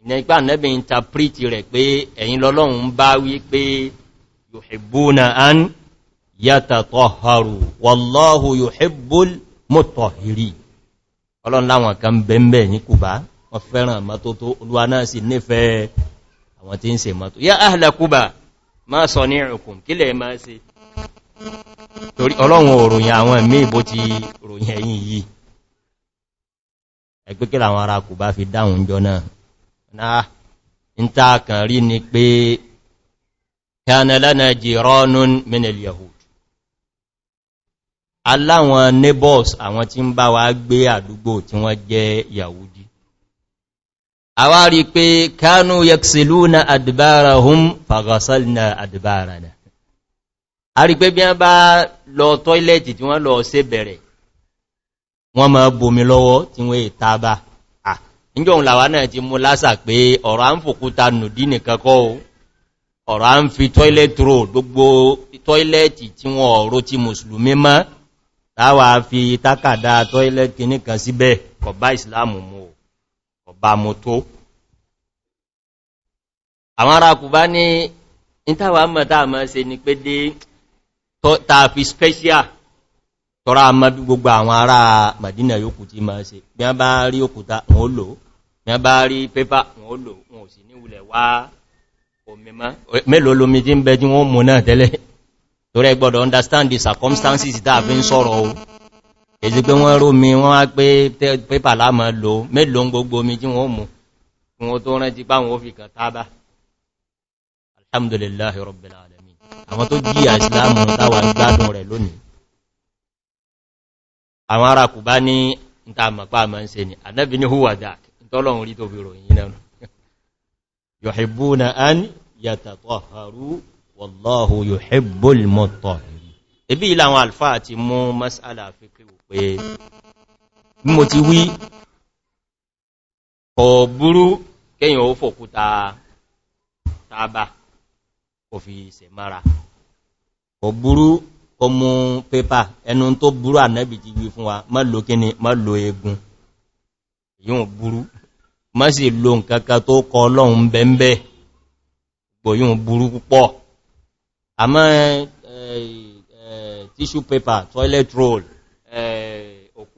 ìnẹgbà nẹ́bí interpreti rẹ̀ pé ẹ̀yin lọ́lọ́run bá wí pé yuhibbuna an yatatahharu wallahu yuhibbul mutahhiri ọlọ́run láwọn kan bẹ̀m̀bẹ̀ ní kùbá wọ́n fẹ́ràn mọ́tótó olúwa náà sì ma sọ ní ìrùkùn kí lè máa ṣe torí ọlọ́run òròyìn àwọn ẹ̀mí ìbó ti ròyìn ẹ̀yìn yìí ẹgbẹ́ kí làwọn ará kò bá fi dáhùn jọ náà náà ń ta kàn rí ni pé kana àwá rí pé kánú yaksiluna adbarahum faghasalna adbarana a rí pé bí wọ́n bá lọ tọ́ilẹ̀tì tí wọ́n lọ ṣe bẹ̀rẹ̀ wọ́n ma bomi lọ́wọ́ tí wọ́n ìtaba à níjọ́ òunlàwà náà ti mú lásà pé ọ̀rọ̀ à ń fòkúta nùdí nìkankọ́ ọ̀rọ̀ à ń fi bàmù tó àwọn ará kùbá ní ìtawà mọ̀ta àmọ́ se ni pé dé tààfi special tọ́ra àmọ́dú gbogbo àwọn ará Madina yòókù tí máa se bí wọ́n bá rí òkúta wọn ó lò bí wọ́n bá rí pépà wọn lò wọn ò sì ní wá omimá mélòó tí ń bẹ understand the circumstances tá a fi èsì pé wọ́n rómi wọ́n á pé pépà lámọ́ lò mélòó gbogbo omi tí wọ́n mú fún o tó rántí páwọn ó fi kàn tábà alhamdulillah rabbil alamin àwọn tó jí àìsìlámù táwà gbádùn rẹ̀ lónìí àwọn ará kù bá ni ànábì ní húwà dák tọ́lọ̀un rí tó fi ròyìn náà yuhibbuna an yatatahharu wallahu yuhibbul mutahhirin ibi ìlànà alfa àti mú mas'ala fikiru pé mo ti wí kò burú kéyàn ó fòkúta tàbà kò fi ṣe mara kò burú kò mú pépà ẹnu tó burú ànábì ti wí fún wa má lo kíni má lo egun yíò burú má sì lo nkankan tó kọ ọlọ́run bẹ́m̀bẹ́ gbò yíò burú púpọ̀ àmọ́ tíṣù pépà toilet roll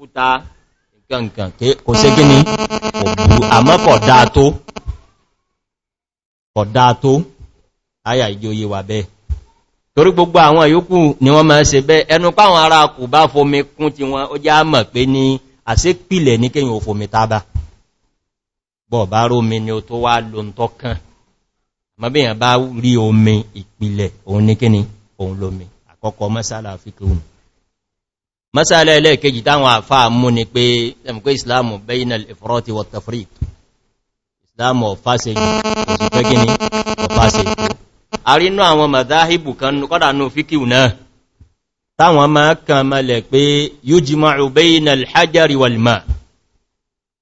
òkúta nǹkan kò ṣe kí ní òbúrú àmọ́ kọ̀dá tó kọ̀dá tó ayà ìjòyè wà bẹ́ẹ̀ torí gbogbo àwọn yòókù ni wọ́n máa ṣe bẹ́ ẹnu páwọn ará kù bá fomi kún ti wọn ó já mọ̀ pé ní àṣépìlẹ̀ ní kíyàn òfomi tábà bọ̀ bá rómi ni ó tó wá ló ń tọ́kàn àmọ́ bí yàn bá rí omi ìpìlẹ̀ òun ní kíni òun lómi àkọ́kọ́ mọ́sálà fíkúrùn masala ẹlẹ́ẹ̀kejì táwọn àfáà mú ni pé ẹmùkú islamu bainal ifrati wa tafriq islamu ọ̀fáṣe ìpẹ́gini ọ̀fáṣe àrínú àwọn madáhìbù kan kọ́dà ní fíkíù náà táwọn ma kàn mẹ́lẹ̀ pé yujma'u bainal hajari wal ma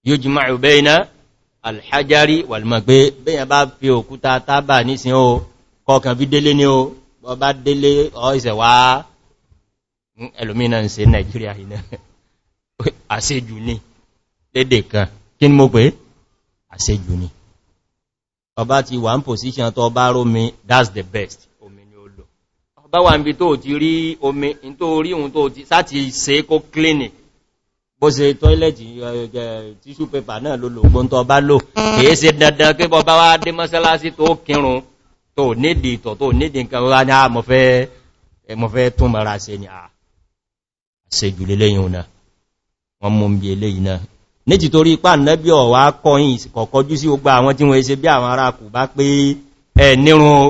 yujma'u Hmm, ẹlòmínà ń se Nigeria iná àṣejù ní lédè kan kí ni mo pé àṣejù ní ọba ti wà ń pòsíṣàn tó bá rómi that's the best omi ni ó lò ọba wà ń bí tó ti rí omi tó rí ohun tó ti sáti ṣe kó clinic bó ṣe tọ́ílẹ̀tì tíṣù pépà náà ló lò gbọ́n tó bá lò kìí ṣe dandan kí bọ́ bá wá dé mọ́sálásí tó kírun tó nídìí ìtọ̀ tó nídìí nǹkan rárá ní àmọ́fẹ́ ah, tún mara ṣe ni àà ah, se jù lélẹ́yìn ọ̀nà wọn mú bí eléyìn náà ní ti torí ipá nẹ́bí ọ̀wà kọ́yìn kọ̀kọ́jú sí gbogbo àwọn tí wọ́n ṣe bí àwọn ará kù bá pé ẹ nírun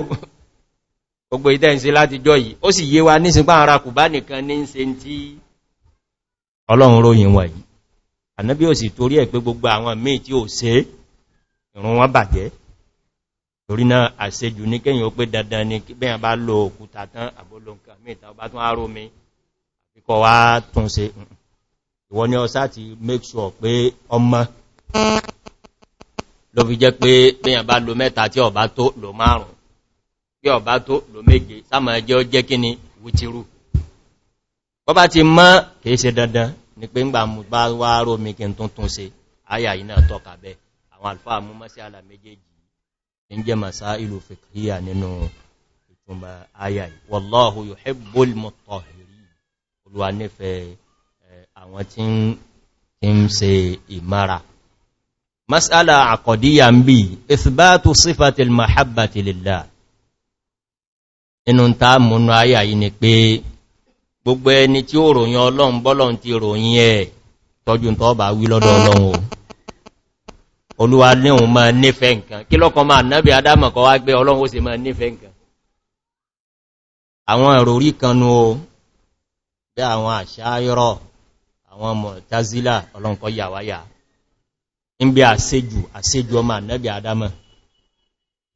gbogbo ìtẹ́ ń se láti jọ yìí ó sì yé wa nísìnpá ara kù bá nìkan ní ń se dandan ni bẹ́yàn bá lo òkúta tán àbólóǹkà míì tàbá tún árómi ikọ̀ wá tún ṣe ìwọ ni ọsá ti make sure pé ọmọ ló fi jẹ́ pé bíyàn bá lo mẹ́ta tí ọba tó lo márùn-ún bí ọba tó lo méje sáàmà ẹjẹ́ ó jẹ́ kí ni wítírù wọ́n bá ti mọ́ kìí ṣe dandan ni pé ńgbà mú bá wá rómi kí n tuntun ṣe ayà yìí náà tọ́ka bẹ́ àwọn alfáà mú mọ́ sí àlà méjèèjì ń jẹ́ masá ìlú fìkìyà nínú ìtumọ̀ ayà yìí wallahu yuhibbul olúwa nífẹ̀ẹ́ àwọn tí ń ṣe ìmára masala àkọ̀díyà ń bí ìsìbátù sífàtí mahabbati lillah inú ta múnú ayà yìí ni pé gbogbo ẹni tí ó ròyìn ọlọ́run bọ́lọ́run ti ròyìn ẹ̀ tọ́jú tọ́ bá wí lọ́dọ̀ ọlọ́run o olúwa léhun máa nífẹ́ nǹkan kí lọ́kan máa nábi adámọ̀kọ́ wá gbé ọlọ́run ó sì máa nífẹ́ nǹkan àwọn èrò orí kan nú bí àwọn àṣáyọ́rọ̀ àwọn tazila ọlọ́nkọ́ yàwáyà ń bí àṣejù àṣejù ọmọ ànẹ́bì àdámọ̀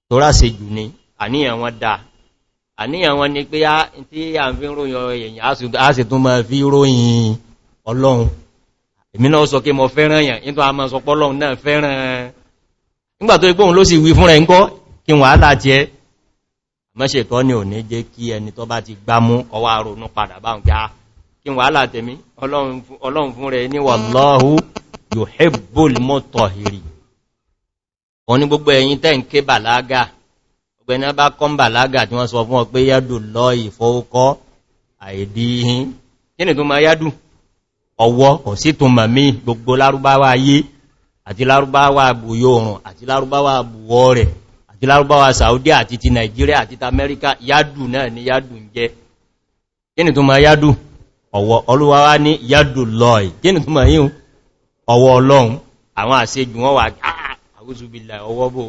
tó ráṣejù ni àníyàn wọn dá àníyàn wọn ni pé tí a ń fi ròyìn èyàn a sì tún máa fi ròyìn ọlọ́run èmi náà sọ kí mo fẹ́ràn yàn nítorí a máa sọ pé ọlọ́run náà fẹ́ràn ni ò ní jẹ́ kí ẹni tó bá ti gbámú ọwá ronú padà báhùn pé á kí wàhálà tẹ̀mí ọlọ́run fún rẹ̀ ní wallahu yuhibbul mutahhiri wọn ní gbogbo ẹ̀yin tẹ́ ń ké bàlágà ọgbẹ̀ná bá kọ́ bàlágà tí wọ́n sọ fún ọ pé yádù lọ ìfọwọ́kọ́ àìdíhìn kí ni tó ma yádù ọwọ́ kò sí tó mà mí gbogbo lárúbáwá ayé àti lárúbáwá àbúyọ oòrùn yádù ọwọ́ Olúwa ní yàdù lọ́ì gínú tó máa yíò ọwọ́ Ọlọ́run àwọn àṣejù wọ́n wà àwúzùbìlà ah, ọwọ́ bó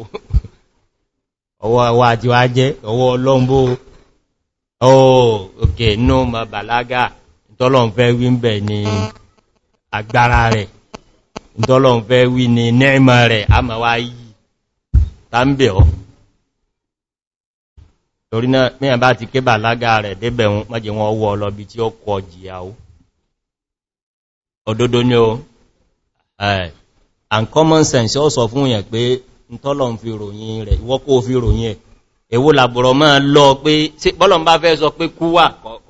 ọwọ́ wa àti jẹ́ ọwọ́ Ọlọ́run bó òkè oh, inú ma bàlágà ìtọ́lọ́run fẹ́ wí ń bẹ̀ agbára rẹ̀ a torí náà mẹ́yàn bá ti ké bà lágá rẹ̀ débẹ̀ wọn mọ́jẹ wọn ọwọ́ ọlọ́bí tí ó kọ jìyàwó òdodo ni o and common sense ó sọ fún yẹn pé n tọ́lọ̀ ń fi ròyìn rẹ̀ ìwọ́kó fi ròyìn ẹ̀ èwo làbọ̀rọ̀ máa lọ pé tí bọ́lọ̀n bá fẹ́ sọ pé kúwà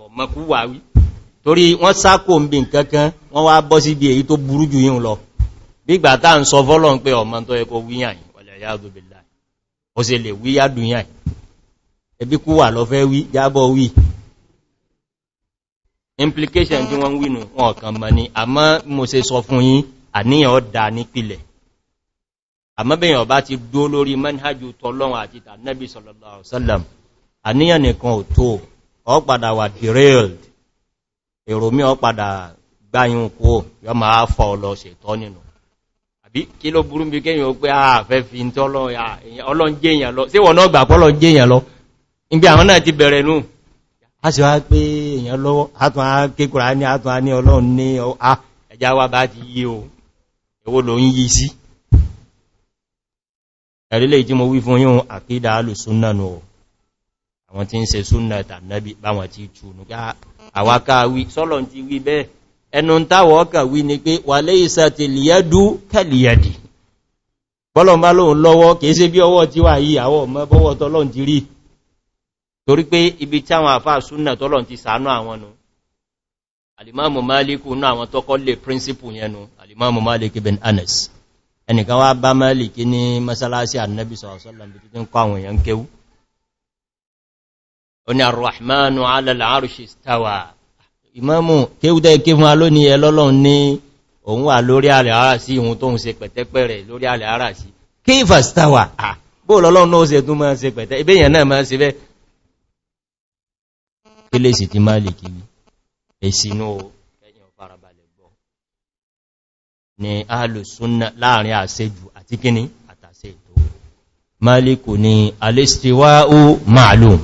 ọmọ kúwà wí torí wọ́n sákò ń bí nkankan wọ́n wá bọ́ sí bí èyí tó burú jù yín lọ bígbà tá ń sọ fọ́lọ̀n pé ọmọ tó ẹkọ wíyàn wàlẹ̀ yáàdùbìlá ó sì ẹbí kú wà lọ fẹ́ wí jábọ̀ wí implication tí wọ́n wínú wọn kàn mọ̀ ní àmọ́ mo ṣe sọ fún yín àníyàn ọ̀dá nípìlẹ̀ àmọ́ bẹ̀yàn ọba ti dó lórí manhajú tọ́lọ́run àti tànẹ́bí sallallahu alaihi wasallam àníyàn nìkan ò tó ó padà wà derailed èrò mí ó padà gbáyún kó yọ máa fọ́ ọlọ ṣètọ́ nínú àbí kí ló burú bí kéyàn ó pé àfẹ́ ah, fi ìgbé àwọn náà ti bẹ̀rẹ̀ nù a sì wá pé èyàn lọ́wọ́ àtún a kékùrà ní àtún a ní ọlọ́run ní ẹjá wà bá ti yí o ewó ló ń yí sí ẹ̀rílẹ̀ tí mo wí fún yíò àkídà alùsúnnà nù àwọn tí ń se súnnà tàbí báwọn ti túnú àwáká wí sọ́lọ̀ ti wí bẹ́ẹ̀ ẹnu táwọ̀ ọkà wí ni pé wà lé ìsà ti lọ́wọ́ kìí sí bí ọwọ́ tí wà yí àwọ̀ mọ́ bọ́wọ́ tọ́lọ́ ti torí pé ibi tí àwọn àfáà súnnà tọ́lọ̀ ti sàánú àwọn nù alìmáàmù máàlìkù náà àwọn tọ́kọ́ lè príncipù yẹnu alìmáàmù máàlìkù bin anas ẹnìkan wá bá máàlìkì ní masalasi annabi sallallahu alaihi wasallam kéwú ó ní ar-rahmanu ala al-arshi istawa ìmáàmù kéwú dé kéwú a lónìí ẹ lọ́lọ́run ní òun wà lórí alẹ́ ara sí ìhun tó ń ṣe pẹ̀tẹ́pẹ̀rẹ̀ tún máa ṣe pẹ̀tẹ́ ibéyàn náà máa ṣe bẹ́ẹ̀ kílèsì ti Málìkì ní èsì inú ẹ̀yìn ọ̀farabalẹ̀ gbọ́ ni alùsúnnà láàrin àṣejù àti kíní àtàṣe ètò Málìkù ni alistiwa'u ma'lum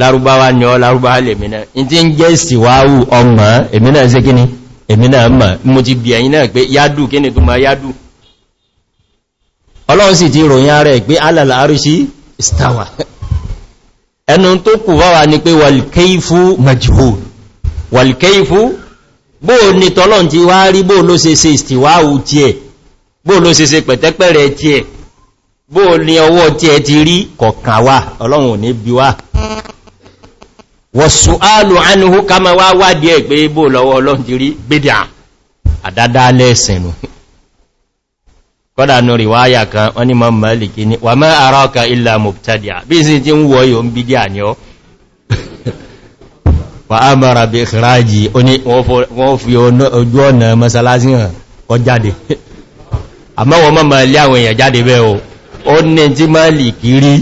lárúbáwá ni ọ lárúbáwá lè mìíràn in ti ń jẹ́ istiwa'u ọmọ èmìnà ṣe kíní èmìnà mọ̀ mo ti bí ẹ̀yìn náà pé yádù kíní tó ma yádù ọlọ́run sì ti ròyìn ara ẹ̀ pé alàlà arúṣí istawa ẹnu tó kù wáwà ní pé wàlkéífú majhul wàlkéífú bó ní tọ́lọ́n ti wá rí bó ló se se ìstìwáhù tí ẹ̀ bó ló se se pẹ̀tẹ́pẹ̀rẹ̀ tí ẹ̀ bó ní ọwọ́ tí ẹ ti rí kọ̀kan ọlọ́run ní bí wá wọ̀sù áàlù ánihú ká ma wá wádìí ẹ̀ pé bó lọ́wọ́ ọlọ́run ti rí bídà àdádá lẹ́ẹ̀sìn nù kọ́dà nù ríwáyà kan wọ́n ni mọ́ mọ́lìkì ní wà mọ́ àráka ilẹ̀ mọ̀tàdíà bí i sí tí ń wọ́ yóò ń bí díà ní ọ́ wà á mọ́ra bí ìkìrájì wọ́n fi ojú ọ̀nà mọ́sálásí hàn ọ jáde àmọ́wọ́ mọ́ mọ́lì àwọn èèyàn jáde bẹ́ o ó ní tí mọ́lìkì rí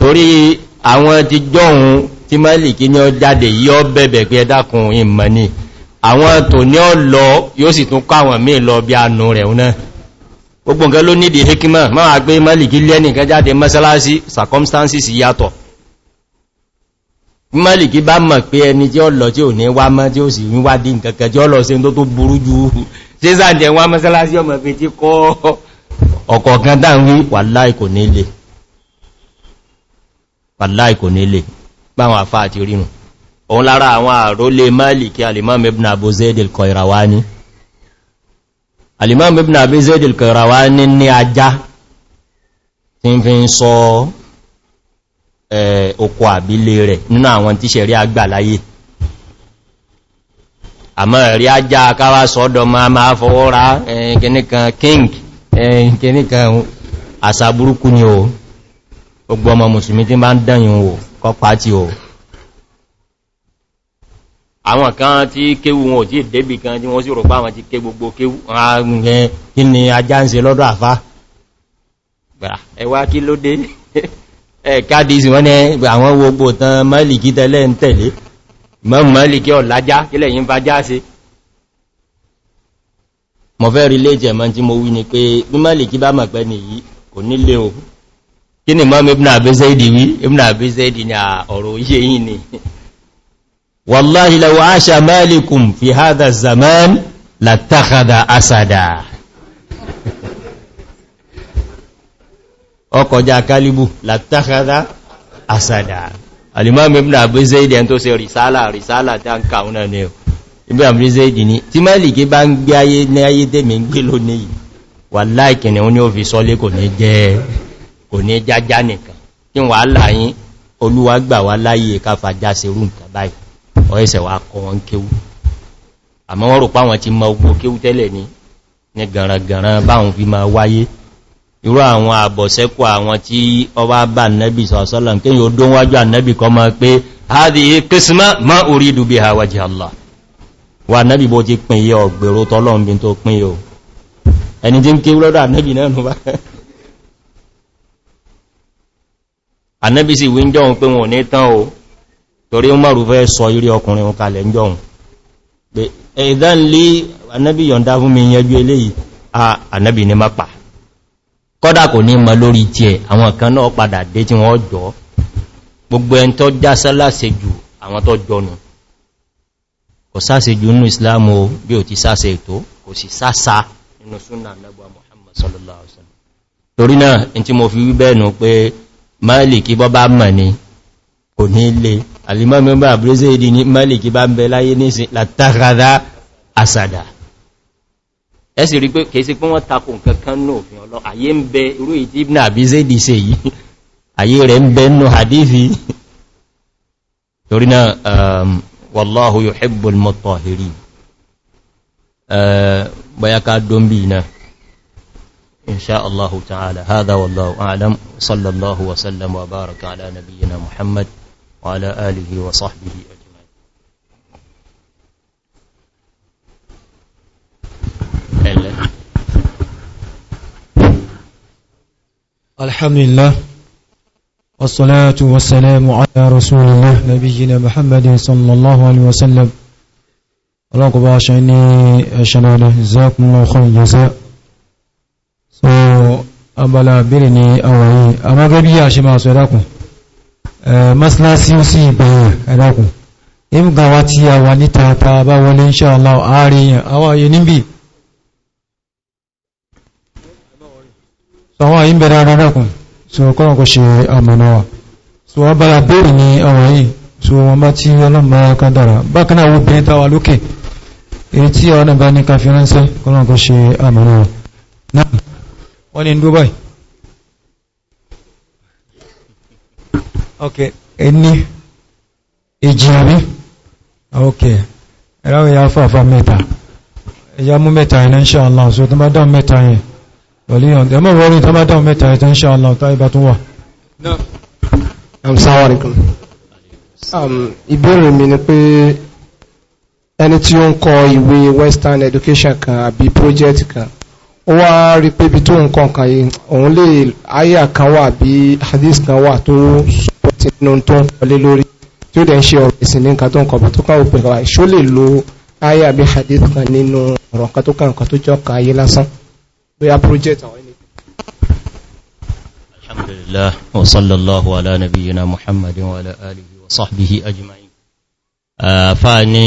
torí àwọn gbogbo nǹkan ló nídìí hikima ma wà pé maliki lẹ́nìkan jáde mọ́sálásí circumstances yàtọ̀ maliki bá mọ̀ pé ẹni tí ó lọ tí ò ní wá mọ́ tí ó sì ń wá dí nǹkan kẹjọ́ lọ sí tó tó burú jù sísàndẹ̀ wá mọ́sálásí ọmọ fi tí kọ́ ọ̀kọ̀ọ̀kan dáwí wàláì kò nílé wàláì kò alimam ibn abi zaid al-Qayrawani ní ajá tí ń fi ń sọ eh, oko àbílé rẹ̀ nínú àwọn tí ṣẹ̀rí àgbà láyé àmọ́ rí ajá káwà sọ́dọ̀ máa máa fọwọ́ ra ẹ̀kìníkan eh, king ẹ̀kìníkan eh, àṣà o gbogbo ọmọ mùsùlùmí tí bá ń dẹ̀yìn o kọ́pàá ti o àwọn kan tí kéwú wọn ò tí ìdébì kan tí wọ́n sì rò pá ti ké gbogbo kéwú ààrùn kí ni ajá ń ṣe lọ́dọ̀ àfá ẹwà kí ló dé ẹ̀kádìsì wọ́n ní àwọn gbogbo tán mọ́lìkí tẹ́lẹ̀ ń tẹ̀lé mọ́lìkí ọ̀lájá kílẹ̀ yí ń fajá sí mọ̀ fẹ́ rí lé jẹ̀mọ́ tí mo wí ni pé bí mọ́lìkí kí ni mọ́ ibn wallahi law asha malikum fi hadha zaman latakhadha asada ọkọjá kalibu latakhadha asada alimami ibn abu zaid en tó ṣe risala risala tan kauna ne ibn abu zaid ni tí maliki bá ń gbé ayé ní ayé de mi gbé lọ ni wallahi kini oni ó fi sọ kò ní jẹ́ kò ní jaja nìkan kin wa la Olúwa gbà wá láyé ká faja ṣe rú nǹkan báyìí wọ́n ẹsẹ̀ wà kọ wọn kéwú àmọ́ wọ́n rò pá wọn ti mọ ogbó kéwú tẹ́lẹ̀ ní ní gànràngànrà báhùn fi máa wáyé irú àwọn àbọ̀sẹ́kù àwọn tí ọba bá nẹ́bì sọ̀sọ́lọ̀ kí yóò dún wájú ànẹ́bì kọ mọ́ pé hádì kìsímá má orí dùbí àwàjì Allah wà nẹ́bì bó ti pín yẹ ọ̀gbèrò tọ́lọ́mbin tó pín yóò ẹni tí ń ké rọ́dọ̀ ànẹ́bì náà nù bá ànẹ́bì sì wíńdọ̀ pé wọn ò ní tán o torí ó márù fẹ́ sọ ilé ọkùnrin òun kalẹ̀ jọun pé ẹ̀dán lé anábì yọ̀nda fún mi yẹjú eléyìí a anábì ní mápa kọ́dà kò ní ma lórí tí ẹ̀ àwọn kan náà padà dé tí wọ́n jọ gbogbo ẹn tó já jù àwọn tó jọnu kò sáse jù nínú islamu bí ò ti sáse ètò kò sì sásá nínú súnà anábà muhammad sallallahu alaihi wasallam torí náà in tí mo fi wí pé máìlì kí bọ́ mọ̀ ni kò ní lè alìmọ́mí bá àbúrẹ́sẹ̀ èdè ní malik bá ń bẹ láyé nísìn látàrádá àsàdà ẹ̀sì rí pé kèsí pé wọ́n takò kankan náà òfin ọlọ́ ayé ń bẹ irú ìdí ibn àbízẹ́dì se yìí ayé rẹ̀ ń bẹ nù hadithi torí náà um, wallahu yuhibbul mutahhirin bayaka dombi na insha Allah ta'ala hada wallahu وعلى آله وصحبه أجمعين الحمد لله والصلاة والسلام على رسول الله نبينا محمد صلى الله عليه وسلم رقب عشاني أشنانا جزاكم الله خير جزاء سو أبلا بيرني أوي أما غبي عشما سوداكم mọ́sílásí si sì ìgbẹ̀yàn ẹ̀dàkùn ìmúga wá tí a wà níta ta bá wọlé insha Allah àáríyàn àwọn ayé níbi àwọn ayé ń bẹ̀rẹ̀ ara dákùn so kọ́nà kò ṣe àmànáwà so wọ́n bára bóòrì ní àwọn ayé so wọ́n bá tí ọlọ́mà kádàrà bákanáà wó bẹ̀rẹ̀ bá ní okay ẹni ìjìnrí okay ẹ̀ráwọ̀ ìyá fàfà mẹ́ta ìyá mú mẹ́ta ẹ̀nà inshallah so tó bá dán mẹ́ta yẹn pẹ̀lú ìyọ̀ndẹ̀ ẹmọ́ wọ́rí tó bá dán mẹ́ta ẹ̀tọ́ inshallah tó ibá tún wà um, ìbéèrè mi ni pé ẹni tí ó ń kọ ìwé western education kan àbí project kan ó wá rí pé ibi tó nǹkan kan yìí òun lè àyà kan wà bí hadith kan wà tó sọ ti nínú tó ń kọlé lórí tí ó dẹ̀ ń ṣe ọ̀rọ̀ ìsìn ní nǹkan tó ń kọ̀ bọ̀ tó káwọn òpin kàwá ìṣó lè lo àyà bí hadith kan nínú ọ̀rọ̀ kan tó kàn nǹkan tó jọ ka ayé lásán bóyá project àwọn ẹni. alhamdulillah wa ala nabiyyina muhammadin wa ala alihi wa ajma'in. àfáà ní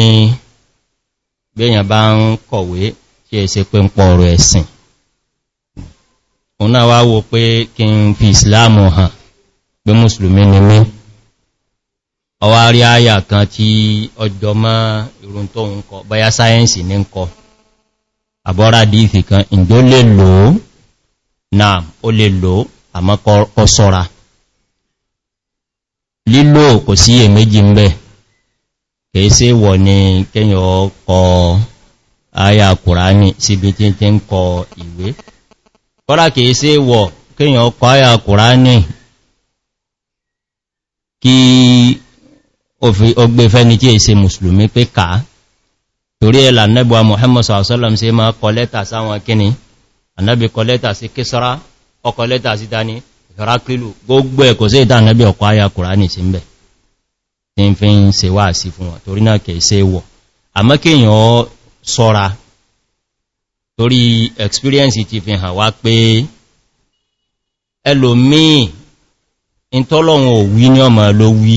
gbẹ̀yìn bá ń kọ̀wé tí ẹ ṣe pé ń pọ̀ ọ̀rọ̀ ẹ̀sìn ọ̀nà wá wo pé kí n fi islamu hàn pé musulmi ni mí ọwá rí àyà kan tí ọjọ́ mọ́ ìrùn tó ń kọ báyá sáyẹ́nsì ní ń kọ àbọ́rá dìífì kan ìjọ lè lò ó náà ó lè lò ó àmọ́ kọ sọ́ra lílò kò sí èméjì ń bẹ̀ kìí sí wọ̀ ní kẹ́yàn kọ àyà kùránì síbi tí ń kọ ìwé kọ́lá kìí sí wọ̀ kíyàn ọkọ̀ ayà kùránì kí ọgbẹ̀ fẹ́ni tí è ṣe mùsùlùmí pé kàá torí ẹ̀là nẹ́bùwa Muhammad sallam sí máa kọ lẹ́tà sáwọn kíni annabi kọ lẹ́tà sí kísọ́rá ọkọ̀ lẹ́tà sí dání ìfẹ́rákílù gbogbo ẹ̀kọ́ sí ìta annabi ọkọ̀ ayà kùránì sí mẹ́ tí ń fi ń ṣe wá sí fún wọn torí náà kẹ̀ ṣe wọ̀ àmọ́ kíyàn sọ́ra torí experience ti fi hàn wá pé ẹlòmíì in tọ́lọ̀wọ̀n òwí ní ọmọ ló wí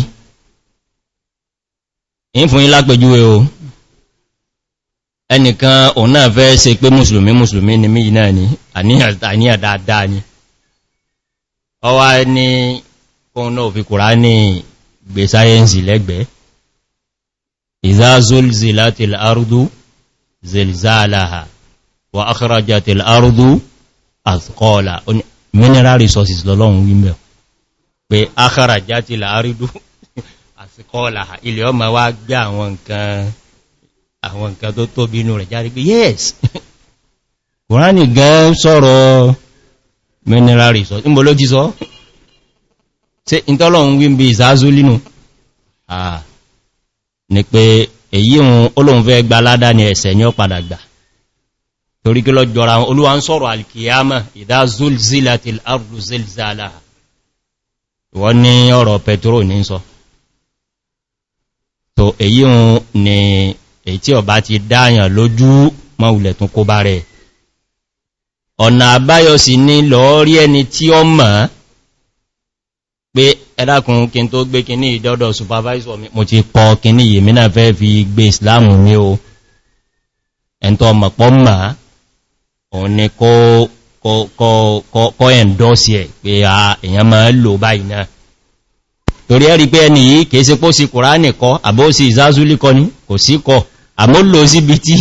in fún ilá pẹ̀júwé o ẹnìkan òun náà fẹ́ ṣe pé mùsùlùmí mùsùlùmí ni mí náà ni àníyàn dáadáa ni ọwá ní kóhun náà fi kùrá ní gbé sáyẹ́nsì lẹ́gbẹ̀ẹ́ ìzázólzì láti l'arúdú zelzalaha wà ákàrájá tẹ̀lẹ̀ àrùdú àkọọ́lá mineral resources lọ́lọ́run wímẹ̀ pé ákàrájá tẹ̀lẹ̀ àrùdú àkọọ́lá ilẹ̀ ọmọ wá gbé àwọn nǹkan tó tóbi inú rẹ̀ járí pé yes kùránì gan sọ̀rọ̀ mineral resources níbo ló jí sọ tí ìtọ́lọ́run wí ń bí ìzázú línú ni pé èyí òun olóhun fẹ́ gbaládá ni ẹ̀sẹ̀ ní ọ̀padà gbà torí kí lọ jọra olúwa ń sọ̀rọ̀ alkiyama ìdá zulzilatil ardu zilzalaha wọ́n ní ọ̀rọ̀ petro ní sọ tó èyí hun ni èyí tí ọba ti dáyàn lójú mọ́ulẹ̀ tún kó bá rẹ̀ ọ̀nà àbáyọ sí ní lọ rí ẹni tí ọ mọ̀ pé ẹlákùn kí n tó gbé kíní ìdọ́dọ̀ supervisor mi mo ti kọ òun ni kọ́ ẹ̀ndọ́sì ẹ̀ pé a èyàn máa lò báyìí náà torí ẹ̀rí pé ẹni yìí kèése pó sí kòránì kọ́ àbóòsí ìzázúlì kọ́ ní kò sí kọ́ àmúlò sí bí tí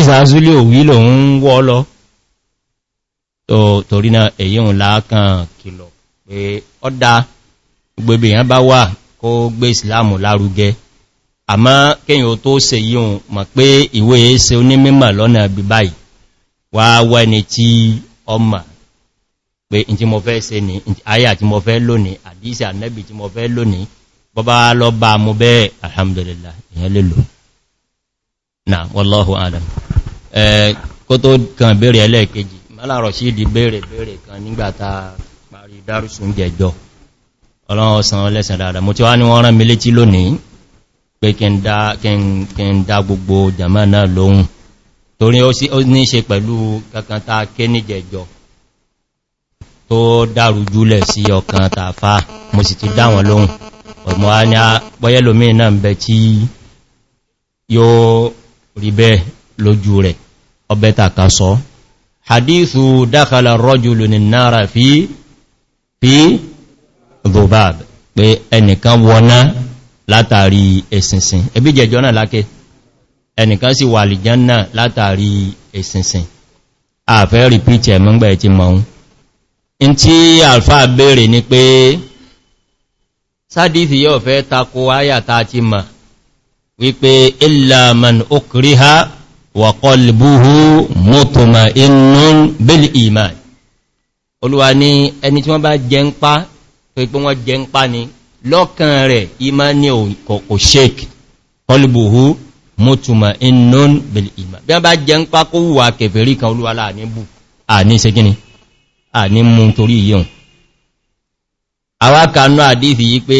ìzázúlì òwí lòun wọ́ lọ torí náà èyí òun láákan kìlọ̀ pé ọ́dá gbogbo èyàn bá wà kó gbé ìsìláàmù lárugẹ àmọ́ kéyàn tó ṣe yíò mọ̀ pé ìwé ṣe onímọ̀ lọ́nà bí wà wẹ́ni tí ọmọ pé in tí mo fẹ́ ṣe ní ayà tí mo fẹ́ lónìí àdísì ànẹ́bì tí mo fẹ́ lónìí bọ́bá lọ bá mú bẹ́ẹ̀ alhamdulillah ìyẹn lè lò náà wallahu alam kó tó kan bèèrè ẹlẹ́ẹ̀kejì mọ́lá rọ̀ṣídì bèèrè bèèrè kan nígbàta parí dárùsùn jẹjọ ọlọ́run ọ̀sán ọlẹ́sàn dáadáa mo ti wá ní wọ́n rán mi létí lónìí pé kí n dá gbogbo jàmá náà lóhun torí ó ní ṣe pẹ̀lú kankan ta ké ní jẹjọ tó dárú júlẹ̀ sí ọkàn tàfà mo sì ti dá wọn lóhun ọmọ a ní pọ́yẹ́lòmí ah, náà ń bẹ tí yóò rí bẹ́ lójú rẹ̀ ọbẹ̀ tàkà sọ hadithu dákàlà rọ́jùlù ní nára fi fi dhubab pé ẹnìkan wọná látàrí ẹ̀sìnsìn ẹbí jẹjọ náà lákẹ́ ẹnìkan sì wà àlìjánà látàrí ẹ̀sìnsìn àfẹ́ rìpítì ẹ̀mọ́gbẹ̀ ti mọ̀un in tí alfa bèèrè ni pé sádìsì yóò fẹ́ tako ayàta ti mọ̀ wípé ìlàmàn okriha wà kọlùbúhú mọ́tọ̀mà inú bíl ìmá olúwa ní ẹni tí wọ́n bá jẹ ń pá pé wọ́n jẹ ń pá ni lọ́kàn rẹ̀ ìmá ní kò shake kọlùbúhú mọ́túnmà inún bil iman bí a bá jẹ ń pákó wà kèfèrí kan olúwa láàánibù àní ṣegíní àní mú torí yíò àwákanú àdífì yí pé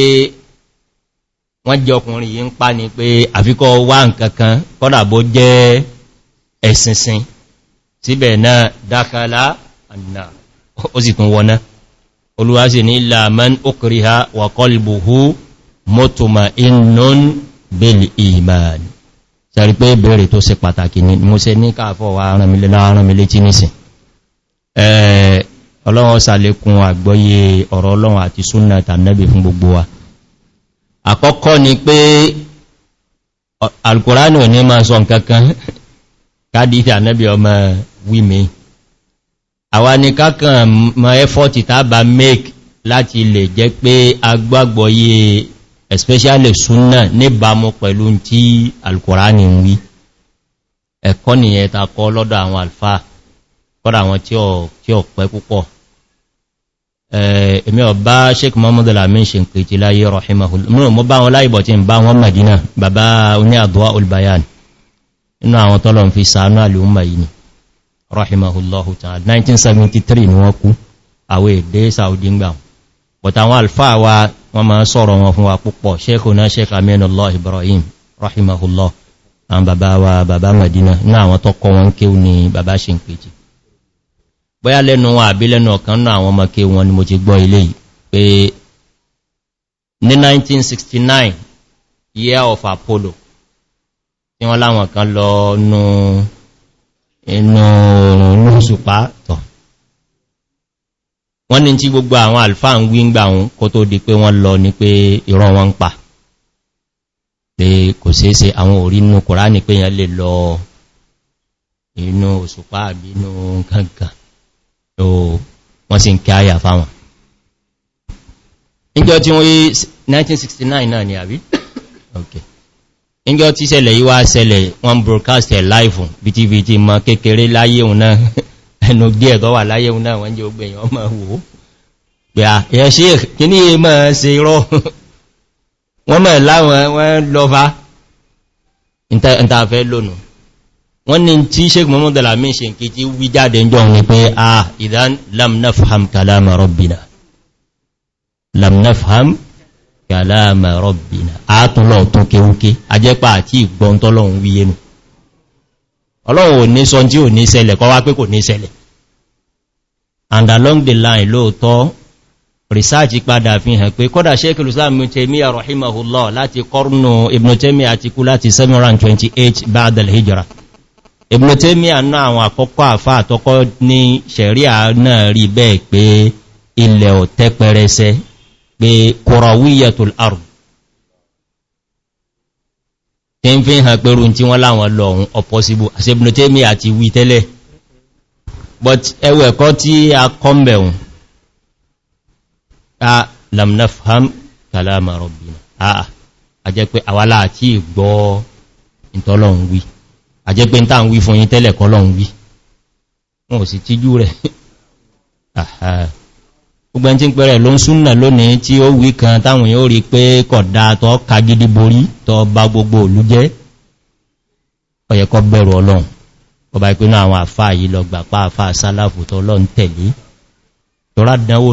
wọ́n jẹ ọkùnrin yí ń pa ni pé àfikọ́ wá nkankan kọ́dàbó jẹ́ ẹ̀sìnsìn síbẹ̀ náà dákàlá àná ó sì tún wọná bil iman sẹ́rí pé ìbéèrè tó ṣe pàtàkì ni mo ṣe ní káàfọ́ wa ránmilé láàránmilé tí nìsìn ọlọ́run sàlékún àgbọ́yé ọ̀rọ̀ ọlọ́run àti súnnà tàbí fún gbogbo wa àkọ́kọ́ ni pé alkùránì ò ní máa sọ nkankan kádìtì ànẹ́bì ọmọ wími àwa ni kákan mọ ẹ́fọ́tì tàbà make láti lè jẹ́ pé agbágbọ́yé especially sunna níbàmú pẹ̀lú tí alkùránì ń wí ẹ̀kọ́ nìyẹn ta kọ́ lọ́dọ̀ àwọn alfa kọ́dọ̀ àwọn tí ó pẹ́ púpọ̀ èmi ọba sheik mohamed alamin ṣe ń pè tí láyé rahimahul mo bá wọn láìbọ̀ tí ń madina bàbá oní àdúwà olbayan inú àwọn tọ́lọ̀ fi sàánú àlúmà yìí rahimahullahu ta'ala 1973 ni wọ́n kú àwẹ̀ èdè saudi ngbà but àwọn alfa wa wọ́n máa sọ̀rọ̀ wọn fún wa púpọ̀ ṣẹ́kùnà ṣẹ́kà mẹ́nàlọ́ ibrahim rahimahullah àwọn bàbá wa bàbá madina ní àwọn tọ́kọ wọn kéwù ní bàbá ṣe ń pèjì bóyá lẹ́nu wọn àbí lẹ́nu ọ̀kan náà àwọn ọmọ kéwù wọn ni mo ti gbọ́ ilé pé ní 1969 year of apollo tí wọ́n láwọn kan lọ nú inú òṣùpá wọ́n ní tí gbogbo àwọn alfa ń wí ń gbà wọn kó tó di pé wọ́n lọ ní pé ìran wọn ń pa pé kò ṣeéṣe àwọn orí inú kòrá ní pé yẹn lè lọ inú òṣùpá àbí inú gangan tó wọ́n sì ń kí àyà fáwọn ìjọ tí wọ́n yí 1969 náà ni àbí ok ìjọ tí ṣẹlẹ̀ yíwá ṣẹlẹ̀ wọ́n broadcast ẹ̀ live bí tv ti mọ kékeré láyé òun náà ẹnu díẹ̀ tó wà láyé òun náà wọ́n jẹ́ ogbè èèyàn máa wò pé à yẹ ṣe kí ní mọ́ ṣe rọ́ wọ́n mọ̀ láwọn wọ́n lọ́fà ìntàfẹ́ lónù wọ́n ni tí sheik mohamed alamin ṣe nkí tí wí jáde ń jọ wọn lam nafham kalama rabbina lam nafham kalama rabbina àátúnlọ̀ tó kéwúké ajẹ́pà àti ìgbọ́ntọ́lọ̀ wíyénu ọlọ́run ò ní sọ tí ò ní ṣẹlẹ̀ kọ́ wá pé kò ní ṣẹlẹ̀ and along the line lóòtọ́ research padà fi hàn pé kọ́dà sheikul islam ibn taymiyyah rahimahullah láti kọrùnù ibn taymiyyah àti kú láti 728 ba'd al-hijra ibn taymiyyah àwọn àkọ́kọ́ àfá àtọ́kọ́ ní sharia náà rí bẹ́ẹ̀ pé ilẹ̀ ò tẹ́ pé kọ̀rọ̀wíyàtul ard tí ń fi ń hàn pẹ̀rún tí wọ́n láwọn lọ ohun ọ̀pọ̀síbò àṣẹ́bìnú tí mi àti wí tẹ́lẹ̀ but ẹwẹ̀ ẹ̀kọ́ tí a kọ́m̀bẹ̀hùn a lamnafham kalama rabbina a a jẹ́ pé àwálà àti ìgbọ́ ìtọ́lọ́hun wí a jẹ́ pé ta ń wí fún yín tẹ́lẹ̀ kọ́lọ́hun wí sì tíjú rẹ̀ gbogbo ẹn tí ń pẹ̀rẹ̀ ló ń súnnà lónìí tí ó wí kan táwọn yóò rí pé kọ̀dá tọ́ ka gidi borí tọ́ bá gbogbo òlú jẹ́ ọ̀yẹ̀kọ́ bẹ̀rù ọlọ́run ọba ìpínú àwọn àfáà yìí lọ gbà pa àfáà sálàfù tọ́ lọ́n tẹ̀lé tọ́rá dánwò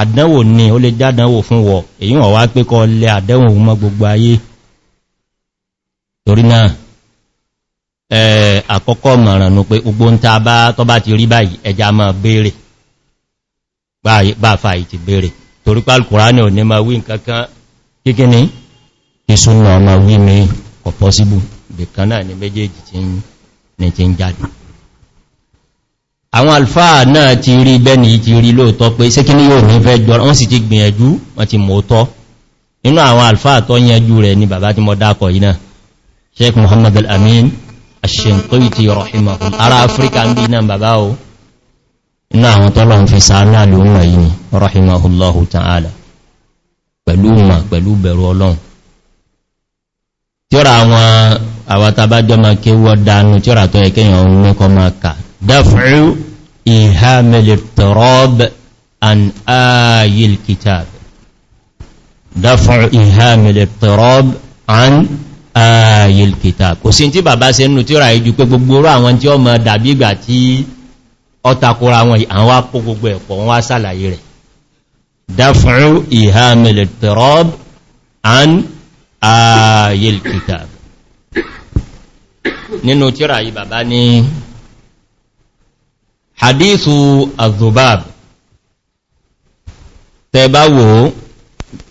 àdánwò ní ó lè jádánwò fún wọ èyí wọ̀n wá pé kọ lẹ àdánwò mọ́ gbogbo ayé torí náà àkọ́kọ́ mọ̀rànú pé gbogbo ń ta bá tọ́ bá ti rí báyìí ẹja máa béèrè bá fàyí ti béèrè torí pàlùkùránì ò ní máa wí nǹkankan kíkí ní ìsúnnà máa wí ní ọ̀pọ̀síbù bìkan náà ni méjèèjì ti ń jáde àwọn alfáà náà ti rí bẹ́ni ti rí lóòtọ́ pé ṣé kí ní yóò ní fẹ́ jọ wọ́n sì ti gbìyànjú wọ́n ti mọ́tọ́ inú àwọn alfáà tó yẹnjú rẹ̀ ni bàbá tí mọ́ dákọ̀ yìí náà sheik muhammad al-amin ash-shinqiti rahimahullah ará afirka ń bí náà bàbá o inú àwọn tọ́lọ̀ ń fi sáánà lóhun yìí rahimahullahu ta'ala pẹ̀lú ma pẹ̀lú bẹ̀rù ọlọ́run tíra àwọn àwàtàbájọ́ tó ẹkẹ́yàn òun ní ma kà دفع إيهام الاضطراب عن آي الكتاب دفع إيهام الاضطراب عن آي الكتاب kò sí tí bàbá se nù tí ó rà ìjú pé gbogbo orú àwọn tí ó mọ̀ dàbí ìgbà tí ó takora wọn àwọn apó gbogbo ẹ̀pọ̀ wọn wá sàlàyé rẹ̀ دفع إيهام الاضطراب عن آي الكتاب nínú tíra yìí bàbá ní hadithu azubab tẹbáwò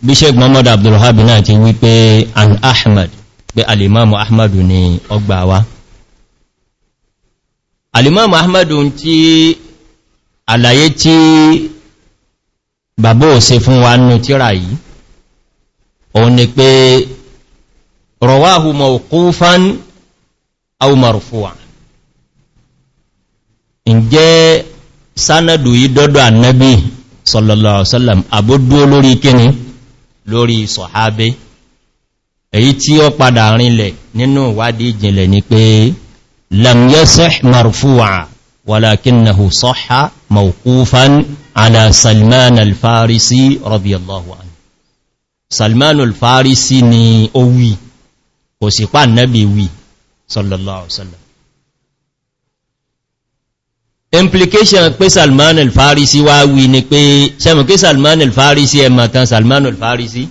bí sheik mohamed abdulhabi náà ti wípé an ahmad pé alimamu ahmadu ni ọgbà wa alimamu ahmadu ti àlàyé tí bàbá òsè fún wa nù tíra yìí òun ni pé rọwáhù mọ̀kúfán au marfuwa ǹjẹ́ sánàdù yí dọ́dọ̀ annabi sallallahu alaihi wasallam àbódúó lórí kíni lórí sọ̀hábé èyí tí ó padà rinlẹ̀ nínú ìwádìí ìjìnlẹ̀ ni pé lam yasih marfu'a walakinahu sahha mawqufan ala salman al-farisi radiyallahu anhu salman al-farisi ni ó wí kò sì pa annabi wí sallallahu alaihi implication pé salman al-farisi wá wí ni pé sẹ́mù kí salman al-farisi ẹmà kan salman al-farisi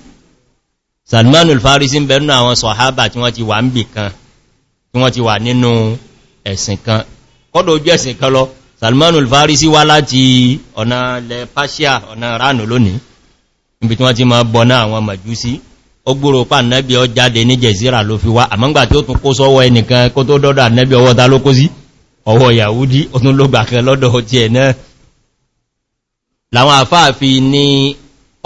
salman al-farisi ń bẹ̀rún àwọn sọ̀hábà tí wọ́n ti wà ń bì kan tí wọ́n ti wà nínú ẹ̀sìn kan kọ́dọ̀ ojú ẹ̀sìn kan lọ salman al-farisi wá láti ọ̀nà ilẹ̀ pasha ọ̀nà ránù lónìí níbi tí wọ́n ti máa bọ̀ náà àwọn màjúsí ó gbúrò pà nẹ́bí ọ jáde ní jẹ̀zíra ló fi wá àmọ́ngbà tí ó tún kó sọ́wọ́ ẹnìkan kó tó dọ́dọ̀ nẹ́bí ọwọ́ ta ló kó sí ọwọ́ yàwúdí ọdún ló gbà kan lọ́dọ̀ ti ẹ̀ náà láwọn àfáàfi ní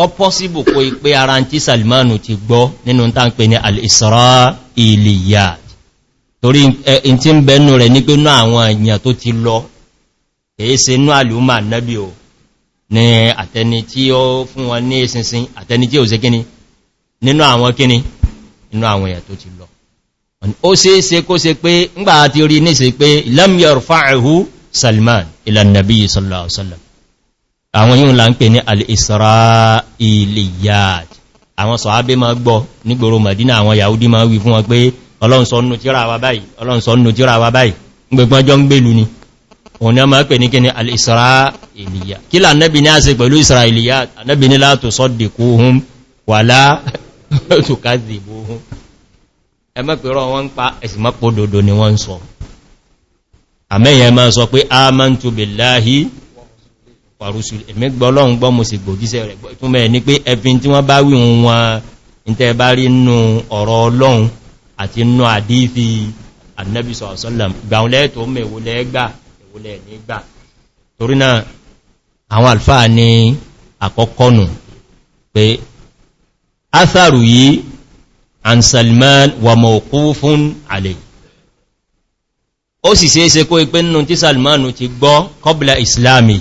ọpọ́síbò kó ipé ara tí salmanu ti gbọ́ nínú tá ń pè ní al-isra'iliya torí in ti ń bẹnu rẹ̀ ní pé náà àwọn èèyàn tó ti lọ èé inú àlúmà nábi o ní àtẹni tí ó fún wọn ní ìsinsin àtẹni tí ò se kíni nínú àwọn kíni nínú àwọn èèyàn tó ti lọ ó ṣeéṣe kó ṣe pé ńgbà àti orí ní ṣe pé lam yarfa'hu salman ila an-nabi sallallahu alaihi wasallam àwọn yíò la ń pè ní al-isra'iliyat àwọn sọ̀hábé ma gbọ́ nígboro madina àwọn yahudi ma wí fún wọn pé ọlọ́run sọ nù tíra wa báyìí ọlọ́run sọ nù tíra wa báyìí gbogbo ni òun ya ma pè ní kí ni al kí là nẹ́bi ní a ṣe pẹ̀lú isra'iliyat nẹ́bi ẹmọ́ pẹ̀rọ wọn ń pa ẹ̀sìmọ́ pòdòdó ni wọ́n ń sọ àmẹ́yẹ máa sọ pé a máa ń tó bè láàáhí pàrúsù ẹ̀mí gbọ́lọ́un gbọ́ mo sì gbòjíṣẹ́ rẹ̀ túnmẹ́ ní pé ẹfin tí wọ́n bá wí wọn ìtẹ́ an salman wa mawqufun alayhi ó sì ṣeéṣe kó ipé nínú tí salmanu ti gbọ́ kọbla islami